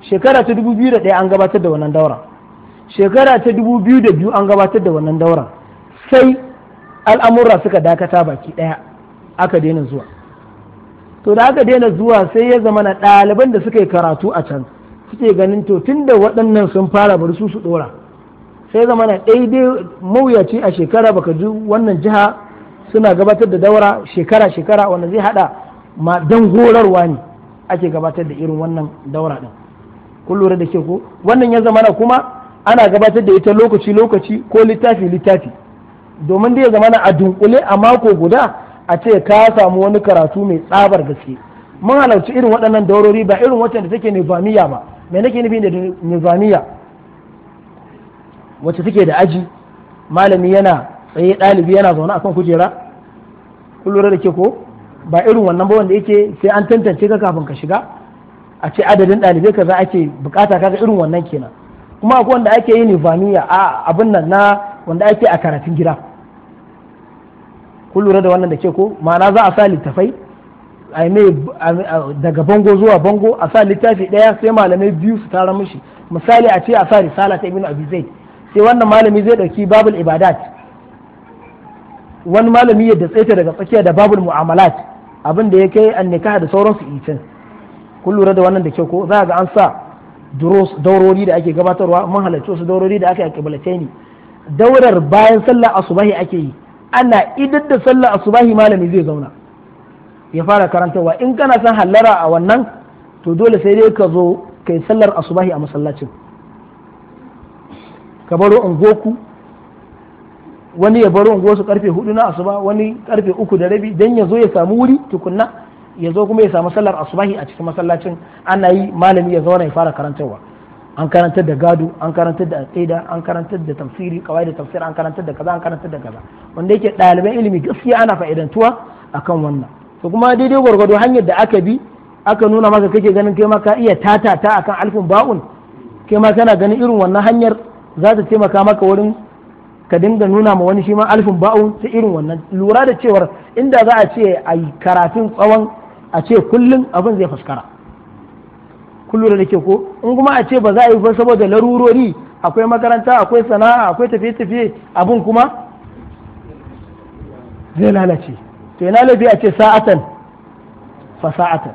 shekara ta dubu biyu da ɗaya an gabatar da wannan daura shekara ta dubu biyu da biyu an gabatar da wannan daura sai al'amurra suka dakata baki ɗaya aka daina zuwa to da aka daina zuwa sai ya zama na ɗaliban da suka yi karatu a can suke ganin to tun da waɗannan sun fara bari su su ɗora sai zama na daidai mawuyaci a shekara baka ji wannan jiha suna gabatar da daura shekara shekara wanda zai haɗa ma dan horarwa ne ake gabatar da irin wannan daura din kun lura da ke ko wannan ya zama na kuma ana gabatar da ita lokaci lokaci ko littafi littafi domin da ya zama na a dunkule a mako guda a ce ka samu wani karatu mai tsabar gaske mun halarci irin waɗannan daurori ba irin wacce da take nizamiya ba me nake nufi da nizamiya wacce take da aji malami yana tsaye ɗalibi yana zaune akan kujera kun da ke ko ba irin wannan ba wanda yake sai an tantance ka kafin ka shiga a ce adadin ɗalibai kaza ake bukata kaga irin wannan kenan kuma akwai wanda ake yi nifamiya a abin nan na wanda ake a karatun gida kun lura da wannan da ke ko ma'ana za a sa littafai a daga bango zuwa bango a sa littafi ɗaya sai malamai biyu su tara mishi misali a ce a sa risala ta ibnu abi zaid sai wannan malami zai ɗauki babul ibadat wani malami ya tsaita daga tsakiya da babul mu'amalat abin da ya kai an nikaha da sauransu itin kun lura da wannan da kyau ko za ga an sa daurori da ake gabatarwa mun halarci wasu daurori da aka yi kiblace ni daurar bayan sallah asubahi ake yi ana idan da sallah asubahi malami zai zauna ya fara karantarwa in kana son hallara a wannan to dole sai dai ka zo kai sallar asubahi a masallacin ka baro ku wani ya baro su karfe hudu na asuba wani karfe uku da rabi dan ya zo ya samu wuri tukunna ya zo kuma ya samu sallar asubahi a cikin masallacin ana yi malami ya zauna ya fara karantarwa an karantar da gado an karantar da aqida an karantar da tafsiri kawai da tafsir an karantar da kaza an karantar da kaza wanda yake ɗaliban ilimi gaskiya ana fa'idantuwa akan wannan to kuma daidai gwargwado hanyar da aka bi aka nuna maka kake ganin kai ma ka iya tata ta akan alfin ba'un kai ma kana ganin irin wannan hanyar za ta taimaka maka wurin ka dinga nuna ma wani shi ma alfin ba'u ta irin wannan lura da cewar inda za a ce a yi karatun tsawon a ce kullum abin zai fuskara kullum da ke ko in kuma a ce ba za a yi ba saboda larurori akwai makaranta akwai sana'a akwai tafiye-tafiye abin kuma zai lalace to yana lafi a ce sa'atan fa sa'atan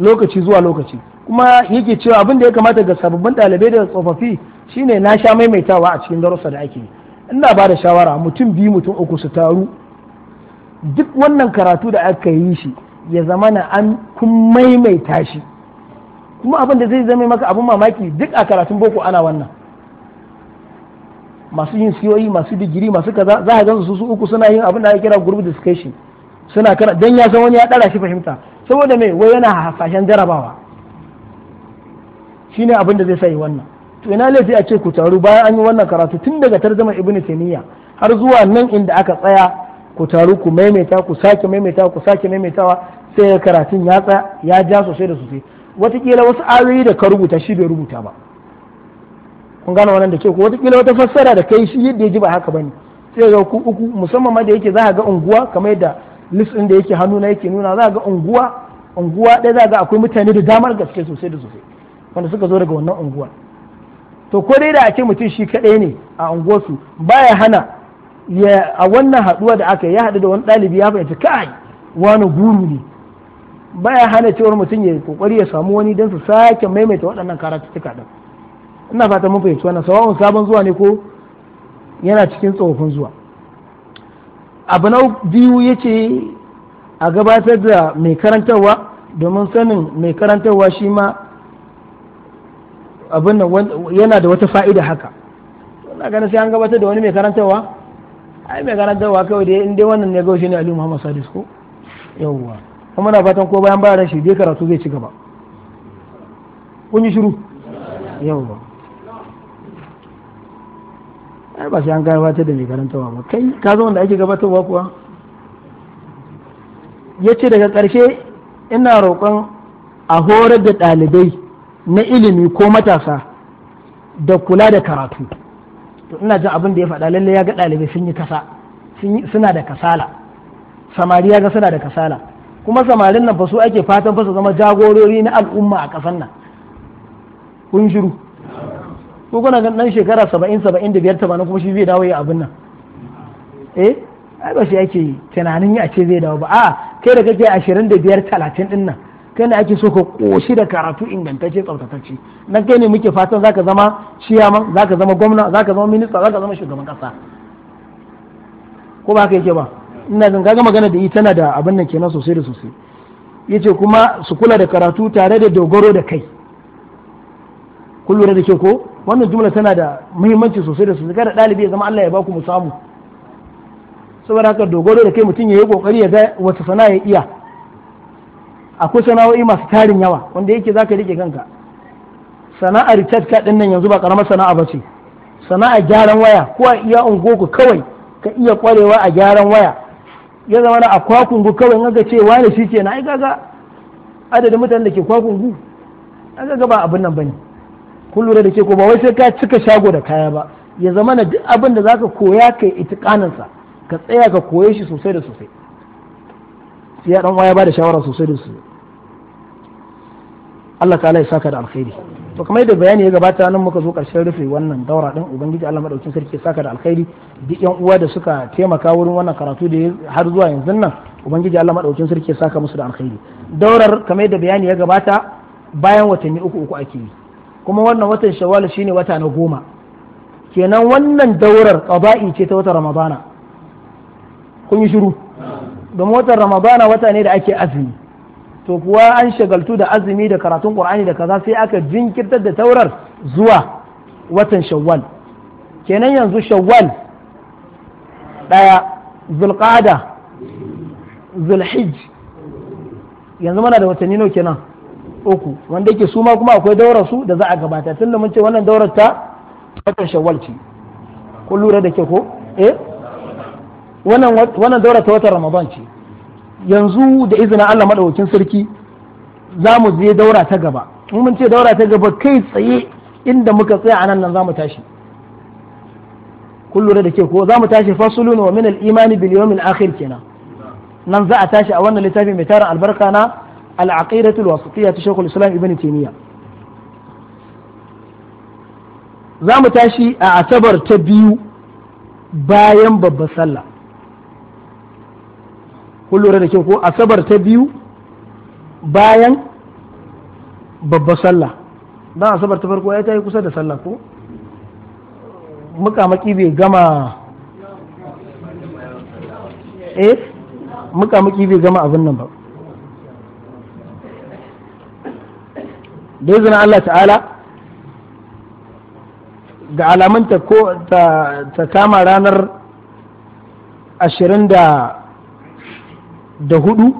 lokaci zuwa lokaci kuma yake cewa abin da ya kamata ga sababbin ɗalibai da tsofaffi shine na sha maimaitawa a cikin darussa da ake ina ba da shawara mutum biyu mutum uku su taru duk wannan karatu da aka yi shi ya zama na an kun maimaita shi kuma abin da zai zama maka abin mamaki duk a karatun boko ana wannan masu yin siyoyi e, masu digiri masu kaza za a gansu su su uku suna yin abin da ake kira group discussion suna kana dan ya san wani ya dara shi fahimta saboda me wai yana hasashen jarabawa shine abin da zai sai wannan to ina laifi a ce ku taru bayan an yi wannan karatu tun daga tarzaman ibnu taymiya har zuwa nan inda aka tsaya ku taru ku maimaita ku sake maimaita ku sake maimaitawa sai karatun ya tsaya ya ja sosai da sosai watakila wasu ayoyi da ka rubuta shi bai rubuta ba kun gane wannan da ke ku watakila wata fassara da kai shi yadda ya ji ba haka bane sai ga ku uku musamman ma da yake za a ga unguwa kamar yadda list din da yake hannu na yake nuna za a ga unguwa unguwa ɗaya za a ga akwai mutane da damar gaske sosai da sosai wanda suka zo daga wannan unguwar to ko dai da ake mutum shi kaɗai ne a unguwarsu baya hana a wannan haɗuwa da aka ya hadu da wani ɗalibi ya fahimci kai wani guru ne baya hana cewar mutum ya kokari ya samu wani don su sake maimaita waɗannan karatuttuka ɗin ina fata mun fahimci wannan sawa'un sabon zuwa ne ko yana cikin tsofaffin zuwa abu na biyu ya ce a gabatar da mai karantarwa domin sanin mai karantarwa shi ma abin yana da wata fa'ida haka na ganin sai an gabatar da wani mai karantarwa ai mai karantarwa kawai dai inda wannan ne gaushe ne aliyu muhammad sadis ko yawwa kuma na fatan ko bayan bayan shi dai karatu zai ci gaba kun yi shiru yawwa ai ba sai an gabatar da mai karantarwa ba kai ka zo wanda ake gabatarwa kuwa ya ce daga ƙarshe ina roƙon a horar da ɗalibai na ilimi ko matasa da kula da karatu to ina jin abin da ya faɗa lalle ya ga ɗalibai sun yi kasa suna da kasala samari ya ga suna da kasala kuma samarin nan fa su ake fatan fa su zama jagorori na al'umma a ƙasar nan kun shiru ko kuna ga ɗan shekara 70 75 80 kuma shi zai dawo yi abin nan eh ai ba shi ake tunanin ya ce zai dawo ba a kai da kake 25 30 din nan kai ne ake so ka koshi da karatu ingantacce tsaftatacce na kai ne muke fatan zaka zama ciyaman zaka zama gwamna zaka zama minista zaka zama shugaban kasa ko ba haka yake ba ina zan ga magana da ita tana da abin nan kenan sosai da sosai yace kuma su kula da karatu tare da dogaro da kai kun da ke ko wannan jumla tana da muhimmanci sosai da sosai kada dalibi ya zama Allah ya baku mu samu saboda haka dogaro da kai mutum ya yi kokari ya ga wata sana'a ya iya akwai sana'o'i masu tarin yawa wanda yake za ka rike kanka sana'ar recharge din nan yanzu ba karamar sana'a ba ce sana'a gyaran waya ko a iya ungoku kawai ka iya kwarewa a gyaran waya ya zama na a kwakungu kawai ga ce wani shi ke na ai gaga adadin mutanen da ke kwakungu an gaga ba abin nan bane kun lura da ke ko ba wai sai ka cika shago da kaya ba ya zama na duk abin da zaka koya kai itikanin sa ka tsaya ka koye shi sosai da sosai sai ya dan waya ba da shawara sosai da su Allah ta ya saka da alkhairi to kamar yadda bayani ya gabata nan muka zo karshen rufe wannan daura din ubangiji Allah maɗaukin sarki saka da alkhairi duk yan uwa da suka taimaka wurin wannan karatu da har zuwa yanzu nan ubangiji Allah maɗaukin sarki saka musu da alkhairi daurar kamar yadda bayani ya gabata bayan watanni uku uku ake yi kuma wannan watan shawwal shine wata na goma kenan wannan daurar qada'i ce ta wata ramadana kun yi shiru da motar ramadana wata ne da ake azumi to kuwa an shagaltu da azumi da karatun qur'ani da kaza sai aka jinkirtar da taurar zuwa watan shawwal kenan yanzu shawwal daya zulqada zulhijj yanzu mana da watanni nawa kenan uku wanda yake su ma kuma akwai daurar su da za a gabata tunda mun ce wannan daurar ta watan shawwal ce kun lura da ke ko eh wannan daura ta watan ramadan ce yanzu da izinin Allah madaukakin sarki za mu je daura ta gaba mun ce daura ta gaba kai tsaye inda muka tsaya anan nan za mu tashi kun da ke ko za mu tashi fasulun wa min al-imani bil yawmil akhir kenan nan za a tashi a wannan littafi mai tarin albarka na al-aqidatu al-wasitiyya ta Sheikhul Islam Ibn Taymiyyah za mu tashi a asabar ta biyu bayan babbar sallah kun lura da kyau ko asabar ta biyu bayan babbar sallah don asabar ta farko ya ta yi kusa da sallah ko mukamaki bai gama eh mukamaki bai gama abin nan ba da izinin Allah ta'ala ga ko ta kama ranar ashirin da da hudu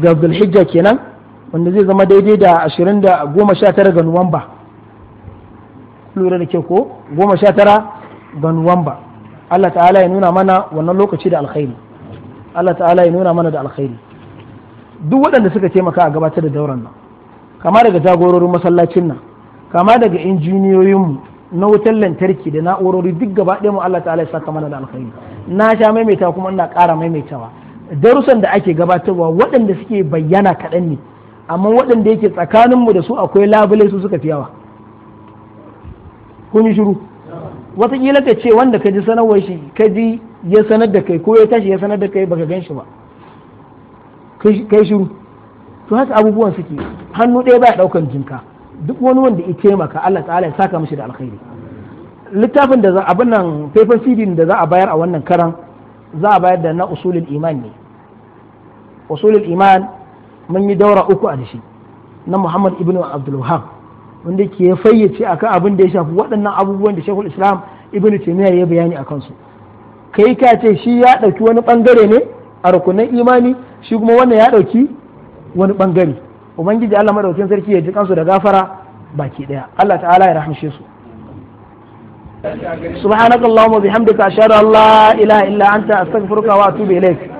ga zulhijja kenan wanda zai zama daidai da ashirin da goma sha tara ga nuwamba lura da ke ko goma sha tara ga nuwamba Allah ta'ala ya nuna mana wannan lokaci da alkhairi Allah ta'ala ya nuna mana da alkhairi duk waɗanda suka taimaka a gabatar da dauran nan kama daga jagororin masallacin nan kama daga injiniyoyinmu na wutar lantarki da na'urori duk gaba ɗaya mu Allah ta'ala ya saka mana da alkhairi na sha maimaita kuma ina ƙara maimaitawa darussan da ake gabatarwa waɗanda suke bayyana kaɗan ne amma waɗanda yake tsakanin mu da su akwai labule su suka fi yawa kun shiru wataƙila ka ce wanda ka ji sanarwar shi ka ji ya sanar da kai ko ya tashi ya sanar da kai baka gan shi ba kai shiru to haka abubuwan suke hannu ɗaya baya ɗaukan jinka duk wani wanda ya taimaka Allah ta'ala ya saka mishi da alkhairi littafin da za abin nan paper cd da za a bayar a wannan karan za a bayar da na usulul iman ne usulul iman mun yi daura uku a dashi na Muhammad ibn Abdul Wahhab wanda ke fayyace akan abin da ya shafi waɗannan abubuwan da Sheikhul Islam Ibn Taymiyyah ya bayani a kansu kai ka ce shi ya ɗauki wani bangare ne a rukunin imani shi kuma wannan ya ɗauki wani bangare ubangiji Allah madaukin sarki ya ji da gafara baki daya Allah ta'ala ya rahmshe su subhanakallahumma bihamdika ashhadu an la ilaha illa anta astaghfiruka wa atubu ilaik